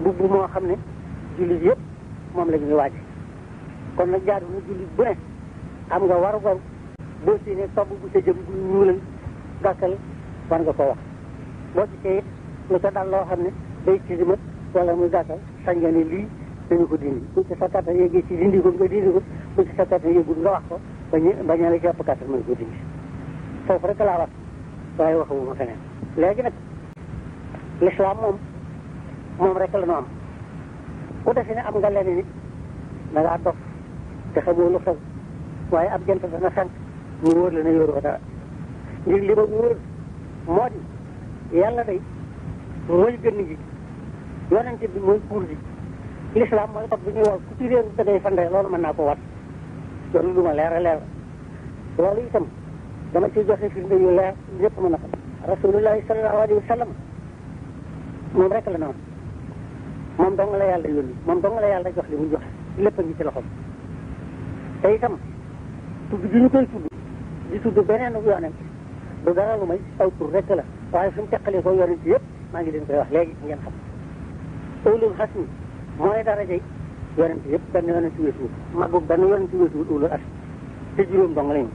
mbubb xam ne jullit yëpp moom la ñuy wàcce kon nag jaar mu julli bu ne xam nga war bo ci ne tobb bu sa jëm bu ñuulal gakkal war nga ko wax bo ci kayit lu ta dal lo xamne day ci dima wala mu gakkal sañ nga ne lii dañu ko dindi bu ci sa kàttan yéegee ci dindi ko nga dindi ko bu ci sa kàttan yéegul nga wax ko bañu baña la ci ëpp kàttan ko dindi foofu rek la wax waaye waxuma feneen legi nak l'islam mom mom rek la no am ko defene am nga leneen nit da nga dox te xamoo lu xew waaye ab jant dana fenk mu wóor la ne yoroo dara ngir li ma wóor moo di yàlla day mooy gën gi yonente bi mooy buur bi lislaam mooy xob bi ñuy wax ku ci réeru da ngay fande loolu mën naa ko wat loolu lu ma leer a leer loolu itam dama ciy joxe firnde yu leer ñëpp mën a xam rasulullahi sallallahu alayhi wa sallam moom rek la noonu la yàlla yónni moom dong la yàlla jox li mu joxe lépp a ngi ci loxoom te itam tu bi ñu koy tudd di tudd beneen yonent du dara lu may aw tur rek la waaye fi mu teqalee ko yonent yëpp maa ngi leen koy wax léegi ngeen xam ulul xasmi mooy darajay yonent yëpp benn yonent weesuwul magub benn yonent weesuwul ulul as te juróom dong lañu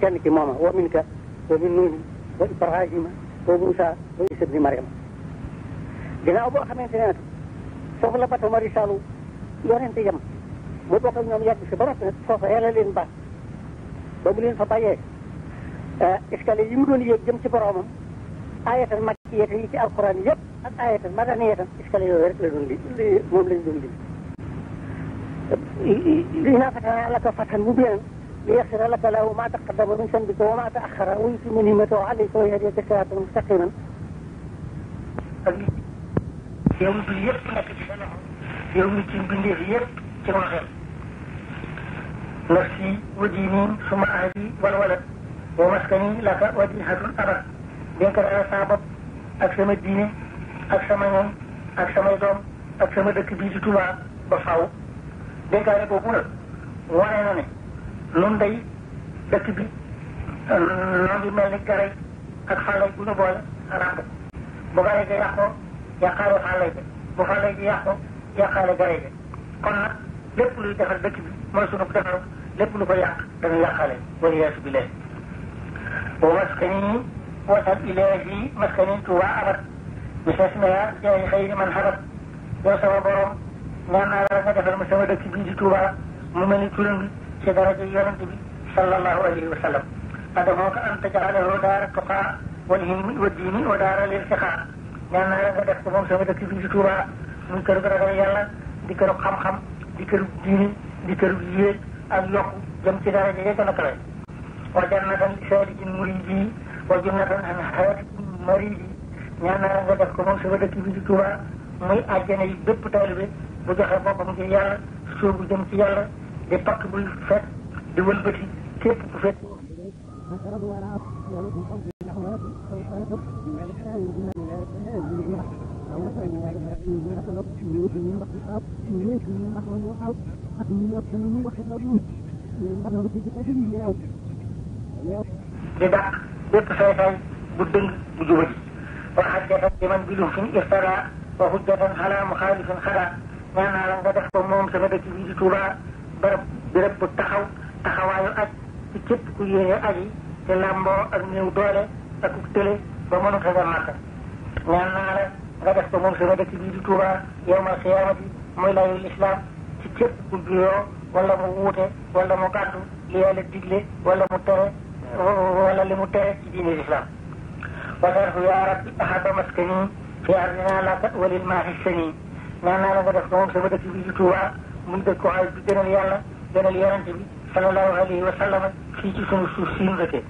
kenn ki mooma wa minka wa min nuuni wa ibrahima wa muusa wa isa ibni mariam ginnaaw boo xamante ne soxla batuma risalu yonent yam boo bokk ak ñoom yegg si ba noppi nag foofa yàlla leen ba ba bu leen fa bàyyee escalier yi mu doon yéeg jëm ci boromam ayatan makkiyatan yi ci alquran yëpp ak ayatan madaniyatan escalier yooyu rek la doon li moom lañ doon li إنا فتحنا لك فتحا مبينا ليغفر لك له ما تقدم من ذنبك وما تأخر ويتم نعمته عليك ويهديك صراطا مستقيما. yow bi yëpp nekk ci sa loxo yow mi ci mbindeef yëpp ci waxee nafsi wa diini suma ahli wal walad wa maskani laka wajhatul abad dénk naa saa bopp ak sama diine ak sama ñoom ak samay doom ak sama dëkk bii di Tuubaa ba faaw dénkaane boobu nag waree na ne nun day dëkk bi noonu bi mel ni garay ak xàllay bu ñu boole ràmb bu garay ga yàqoo yàqaale xàllay ga bu xàllay gi yàqoo yàqaale garay ga kon nag lépp luy defar dëkk bi mooy sunu defaru lépp lu ko yàq dana yàqale wala yaasu billah wa maskani wa ab ilahi maskani tuwa abat bi sasmaya jaay xëy man xabat yow sama borom ñaan naa la nga defal ma sama dëkk bii di Tuuba mu mel ni turam bi ci daraja yonante bi sallallahu alayhi wa sallam adamoo ko an tajaxalahu daara tuqaa wal hilmi wa diini wa daara liltiqaa ñaan naa la nga def ko moom sama dëkk bii di Tuuba muy këru ragal yàlla di këru xam-xam di këru diini di këru yéeg ak yokku jëm ci dara ji yëpp a nakale wa jannatan shariji muridi wa jannatan an hayati maridi ñaan naa nga def ko moom suba dëkk bi di Tuuba muy àjjana yi bépp taalibe bu joxe boppam ci yàlla sóobu jëm ci yàlla di pakk buy fet di wëlbati képp bu fet di dàq bépp feesaay bu dëng bu jubadi wa xajjatan li man biluufin iftara wa hujjatan xala muxaalifin xala ñaan naa la nga def ko moom sama dëkk bi di Tuuba barab béréb bu taxaw taxawaayu ak ci képp ku yéene aji te làmboo ak néew doole ak tële ba mënut a dem Màkka ñaan naa la nga def ko moom sama dëkk bi di Tuuba yowmal xiyaamati muy layul islam ci cër bu duyoo wala mu wuute wala mu gàddu li yàlla digle wala mu tere wala li mu tere ci diine l'islam wasarfu yaa rabbi ahaba maskani fi sani ñaan naa la nga def ko moom sama dëkk bi di Tuuba muy dëkk ko ay bi gënal yàlla gënal yonente bi sallallahu alayhi wa fii ci sunu suuf si mu dëkkee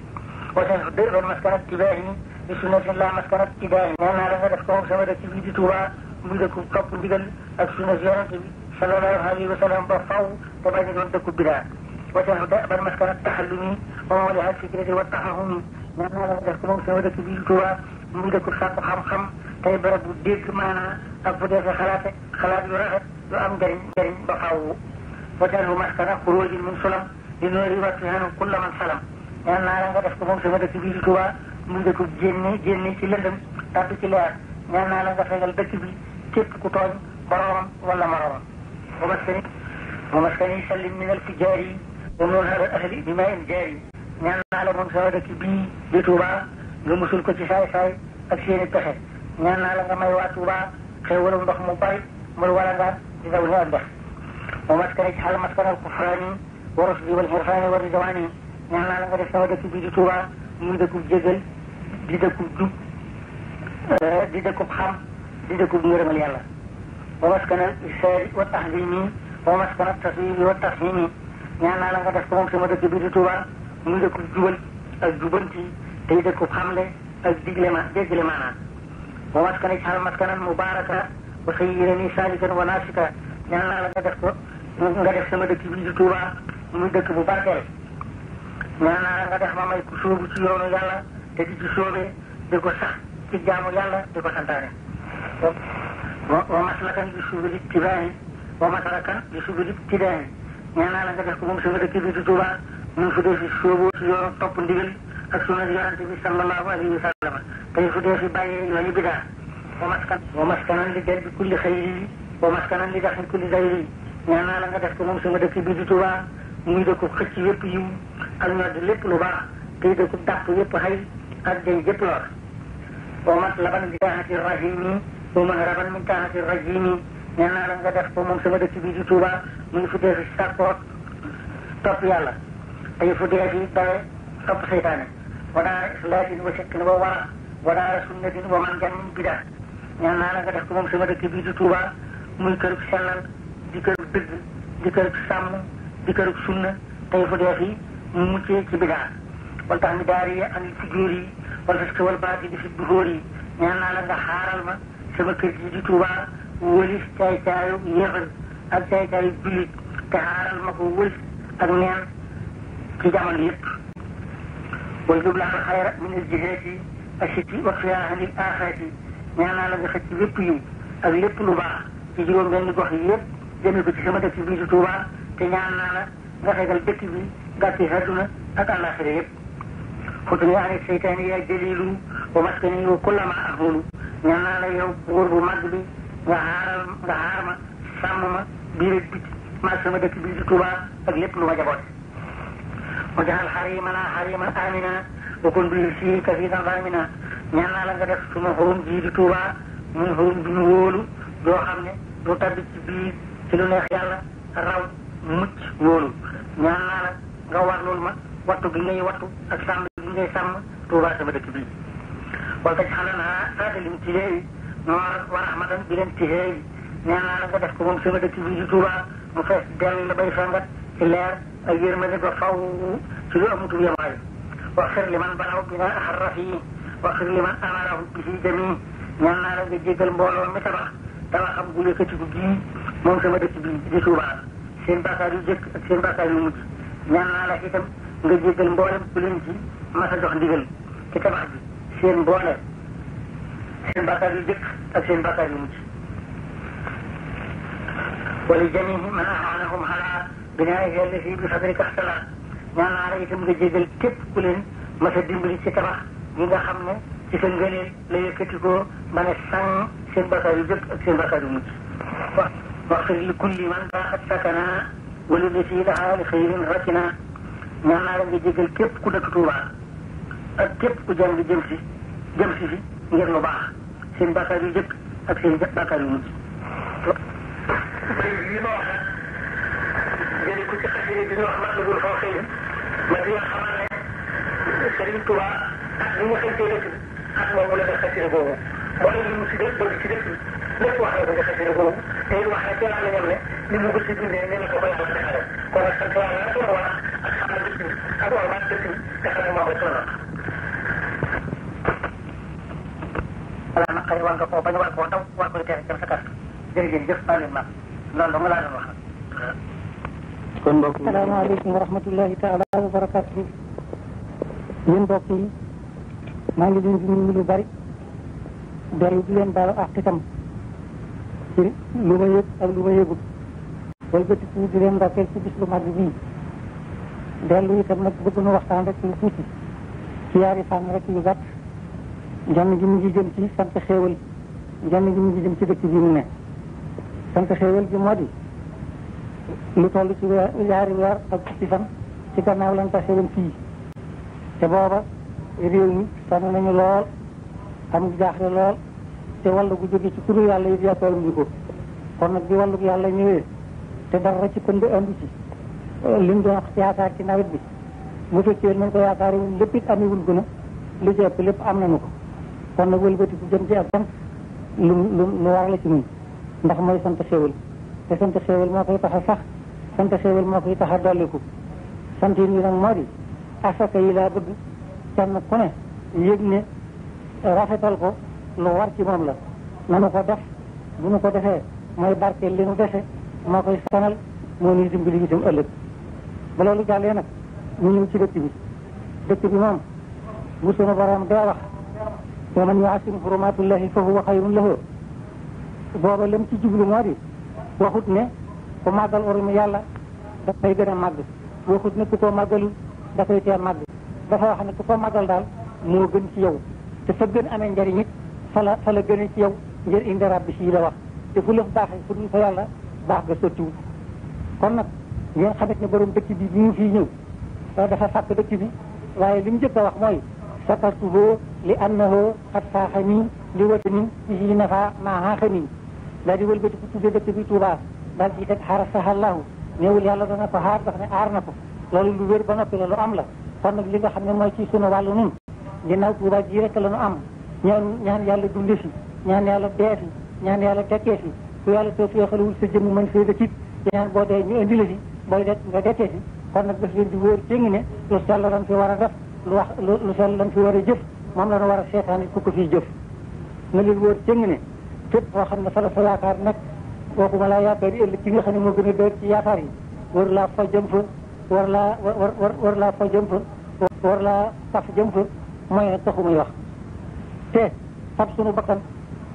wasarfu dër ban maskanat tibaahi ni bi sunnatin la maskanat tibaahi ñaan naa la nga def ko moom sama dëkk bi di Tuuba muy dëkk topp ndigal ak sunna yonente bi sallallahu alayhi wa sallam ba faw te bañ a doon dëkku bidaa wateex da ban maskana taxallumi wa mawliha fikrati wa taxahumi ñaan naa la def ko moom sama dëkk bi Tuuba muy dëkku sàkku xam-xam tey barab bu dégg maanaa ak bu defee xalaate xalaat yu rafet yu am njëriñ njëriñ ba xaw wateexu maskana xuróojin min sulam di noori wattihan kulla man salam ñaan naa la nga def ko moom sama dëkk bi Tuuba muy dëkku génne génne ci lëndëm tàbbi ci leer ñaan naa la nga fegal dëkk bi képp ku tooñ boromam wala moromam ومسكني ومسكني سلم من الفجاري ومن هذا الأهل بما ينجاري نعم نعلم من سعودك بي بتوبا يمسل كتي ساي ساي أكسين التخي نعم نعلم ما يواتوبا خيول من دخم مباري ملوانا دار لذولها أندخ ومسكني حال مسكن الكفراني ورصدي والحرفاني والرزواني نعم نعلم من سعودك بي بتوبا يمدك الجدل بيدك الجب آه، بيدك الخام بيدك المرمى لله ومسكن الإرشاد والتعظيم ومسكن التصوير والتفهيم ñaan naa la nga def ko moom sama dëkk bii di Touba muy dëkkub jubal ak jubanti tey dëkkub xamle ak digle ma dégle maanaam wa maskana ij'al maskanan mubaraka wa sayyirani salikan wa nasika ñaan naa la nga def ko nga def sama dëkk bii di Touba mu dëkk bu barkeel ñaan naa la nga def ma may ku sóobu ci yoonu yàlla te di ci sóobee di ko sax ci jaamu yàlla wa wa maslakan bi subul ittibaa'i wa maslakan bi subul ittibaa'i nee naa la nga def ko moom sama dëkk bi di Tuuba mun fu dee fi sóobu ci yoonu topp ndigal ak sunna yonente bi sallallahu alayhi wa sallam tey fu dee fi bàyyee yoonu bidaa wa maskan wa maskanan li jalbi kulli xayri wa maskanan li daxi kulli dayri nee naa la nga def ko moom sama dëkk bi di Tuuba muy dëkku xëcc yëpp yiw di lépp lu ba tey dëkku dàpp yëpp xay ak day jëpp lor wa matlaban bi rahmati rahimi wa mahraban min taati rajimi nee naa la nga def ko moom sama dëkk bii di Touba muy fuddee fi sàkkoot topp yàlla tey fuddee fi dawe topp seytaane wadaara islaatin wa shakkin wa wara wadaara sunnatin wa man jannin bida nee naa la nga def ko moom sama dëkk bii di Touba muy kër bu sellal di kër bu dëgg di kër bu sàmm di kër bu sunna fi mu muccee ci bidaa wal tax mi daar yi am fujuur wal fisq wal baati di fi buhóor yi naa la nga xaaral tabakkër ci Touba wëlis caay-caayu yéefar ak caay-caayu jullit te xaaral ma ko wëlis ak neen ci jamono yépp wajub laa xayra min aljihaati asiti wa xiyaha lil axirati ñaanaa la nga xëcc lépp yiw ak lépp lu baax ci juróom benn gox yi yépp jëme ko ci sama dëkk bii di Touba te ñaan naa la nga xegal dëkk bi gàtti àdduna ak àllaaxira yépp xutuni ani seytaani yaa jalilu wa maskani wa kullama ahulu ñaan naa la yow buur bu mag bi nga xaaral nga xaar ma sàmm ma biir ak picc maag dëkk bii di Touba ak lépp lu ma jaboot ma jaxal xarimana xarima amina bakon bii sii kafiitan amina ñaan naa nga def suma xurum jii di Touba muy xurum duñu wóolu doo xam ne du tabbi biir ci lu neex yàlla raw mucc wóolu ñaan naa la nga warlul ma wattu gi ngay wattu ak sàmm gi ngay sàmm Touba sama dëkk bii wala taj xalanaa fàttaliwu ci yooyu moo war a amatam di leen naa la nga def ko moom sama dëkk bi di Touba mu fees dell la bay fangat ci leer ak yërmande ba faw ci lu amutu yamaay waxfir li man balaw bi naa xarraf yi waxfir li man amarahu bi si jami ñaan naa nga jégal mbooloo mi tabax tabaxam gu yëkkatiku gii moom sama dëkk bii di seen bàkkaar yu jëkk ak seen bàkkaar yu mujj naa la itam nga jégal mboolem ku leen ci mas jox ndigal ci tabax bi seen mboole seen bakkaar yu jëkk ak seen bakkaar yu mujj wala jamihi man ahanahum ala binaayihi allati bi fadlika ixtalaat ñaan naa la itam nga jégal képp ku leen ma sa dimbali ci tabax yi nga xam ne ci sa ngëneel la yëkkatikoo ma ne sang seen bakkaar yu jëkk ak seen bakkaar yu mujj waxfir li kulli man baaxat sakana wala lati lahaa li xayrin ratinaa ñaan naa la nga jégal képp ku dëkk Tuubaa ak képp ku jàng jëm si jëm si fi ngir lu baax seen bàkkaar yu jëkk ak seen bàkkaar yu mujj. li ma wax nag jëlee ko ci xasida bi ñu wax Matlabul Fawzayni ma di nga xamal ne Serigne Touba ak ni mu xëytee dëkk bi ak moom la def xasida boobu moo leen li mu si def bëgg ci dëkk bi lépp wax na ko ci xasida boobu te it wax na ci yàlla ñoom ne ni mu ko si dundee ne la ko ko yàlla defaree kon nag sant yàlla la ko wax ak xam na dëkk bi ak wax na dëkk bi te xam ne moo ko sonal bañ wan ko ko bañ war ko daw war ko tere ci xatar jëri jëri jëf alim ma loolu doon wax kon mbokk yi wa ta'ala wa barakatuh yeen mbokk yi ma ngi leen di nuyu lu bari delu di leen balu ak ah, itam ci lu ma yëg ak ah, lu ma yëgul wal bëti ci di leen ci bis lu mag bi itam nag bëgg waxtaan rek lu tuuti ci yaari fànn rek yu gàtt njann gi mu ngi jëm ci sant xéewal njann gi mu ngi jëm ci dëkk bi mu ne sant xéewal gi moo di lu toll ci weer yaari weer ak fukki fan ci gannaaw lan tase woon fii te booba réew mi sonn nañu lool am jaaxle lool te wàllu gu jóge ci kuréel yàlla yi yaakaaruñu ñu ko kon nag bi wàllu yàlla ñëwee te dara ci pënd andi ci liñ doon wax yaakaar ci nawet bi bu fekkee nañ ko yaakaar yi lépp it amewul gën a li ci ëpp lépp am nañu ko kon na wëlbati ku jëm ci ak cant lu lu lu war la ndax mooy sant xéewal te sant xéewal moo koy tax sax sant xéewal moo koy tax a dolliku sant yi nag moo di asaka yi laa bëgg kenn ku ne yëg ne rafetal ko lu war ci moom la nanu ko def bu nu ko defee mooy barke li nu defe moo koy sanal moo nuy dimbali itam ëllëg ba loolu jàllee nag ñu ñëw ci dëkk bi dëkk bi moom bu sunu borom dee wax wa man yuasimu hurumatullahi fa huwa xayrun lahu booba lam ci jublu moo di waxut ne ku màggal ormi yàlla dafay gën a màgg waxut ne ku ko màggalul dafay teel màgg dafa wax ne ku ko màggal daal moo gën ci yow te fa gën amee njariñ it fa la fa la gën ci yow ngir indi rabbi si la wax te fu lëf baaxee fu dul fa yàlla baax ga sottiwul kon nag ngeen xamit ne borom dëkk bi bi mu fii ñëw dafa sàkk dëkk bi waaye li mu njëkk a wax mooy سقطته لأنه قد صاحني لوجن به نفع مع هاخني لا دول بتكتو جدك بيتوبا بل إذا حرسها الله نيول يالله دانا فهار دخني أعرنك لولي لوير بنا في لولو أملا فانك لغا حمي مويكي سنو والونين لأنه توبا جيرك لنو أم نيان يالله دوليسي نيان يالله بيسي نيان يالله تكيسي في يالله توفي أخلو سجمو من سيدة كيب نيان بودي نيان دلسي بودي نيان دلسي فانك بسرين دوير تنجني لسيالله دان في وارا دفت lu wax lu seen lañ fi war a jëf la ñu war a seetaan ku ko fiy jëf na leen wóor jëng ne képp koo xam ne fa la sa yaakaar nekk kooku ma laa yaakaar yi ëllëg ci nga xam ne moo gën a doy ci yaakaar yi war laa fa jëm fa war laa war war war laa fa jëm taf jëm fa taxu may wax te fab sunu bakkan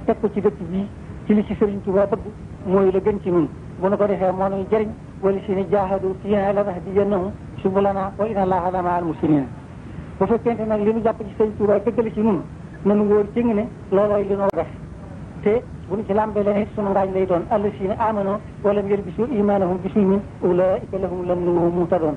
teg ko ci dëkk bii ci li ci sëriñ Tuubaa bëgg mooy la gën ci ñun bu nu ko defee moo nuy jëriñ wala si ni jaahadu fiinaa lanahdiyannahum subulanaa wa inna Allaaha lamaa al-muhsiniin bu fekkente nag li ñu jàpp ci sëñ Tuubaa dëggal ci ñun nanu wóor cëng ne loolooy li noo def te bu ñu ci làmbee leen it sunu ngaañ lay doon allasiina aamanu wa lam yalbisu iimaanahum bi zulmin ulaaika lahumul amnu wa hum muhtadoon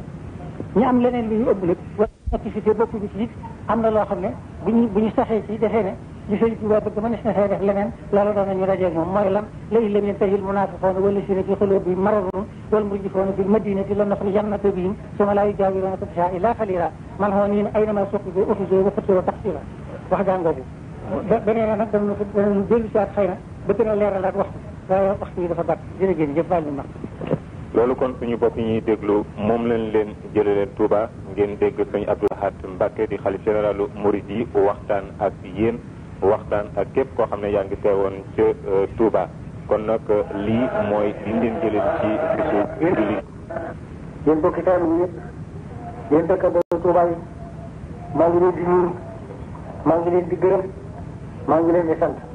ñu am leneen lu ñu ëpp nag wala activité bopp bi ci it am na loo xam ne bu ñu bu ñu saxee ci defee ne بشريك وابد من احنا هذا لمن لا رضا من يراجعهم مرلم لئن لم ينتهي المنافقون والذين في قلوبهم مرض والمرجفون في المدينة لم نخرجن بهم ثم لا يجاورون فتحا إلا قليلا ملهونين أينما سقطوا أخذوا وقتلوا تقتيلا وحاجة عن قبل بنينا نقدم نجيب ساعات خيرا بدنا ليرا لا وقت لا وقت إذا فضل جل جل جبال المرض loolu kon suñu bopp yi ñuy déglu moom lañ leen jële leen Touba ngeen dégg sëñ Abdoul Ahad Mbacke di xalif généralu Mouride yi waxtaan ak yéen waxtaan ak képp koo xam ne yaa ngi teewoon ca euh, Touba kon nag euh, lii mooy liñ leen jëlee ci bisu julli. yéen bokki taal bi yëpp yéen dëkk boobu Touba maa ngi leen di nuyu maa ngi leen di gërëm maa ngi leen di sant.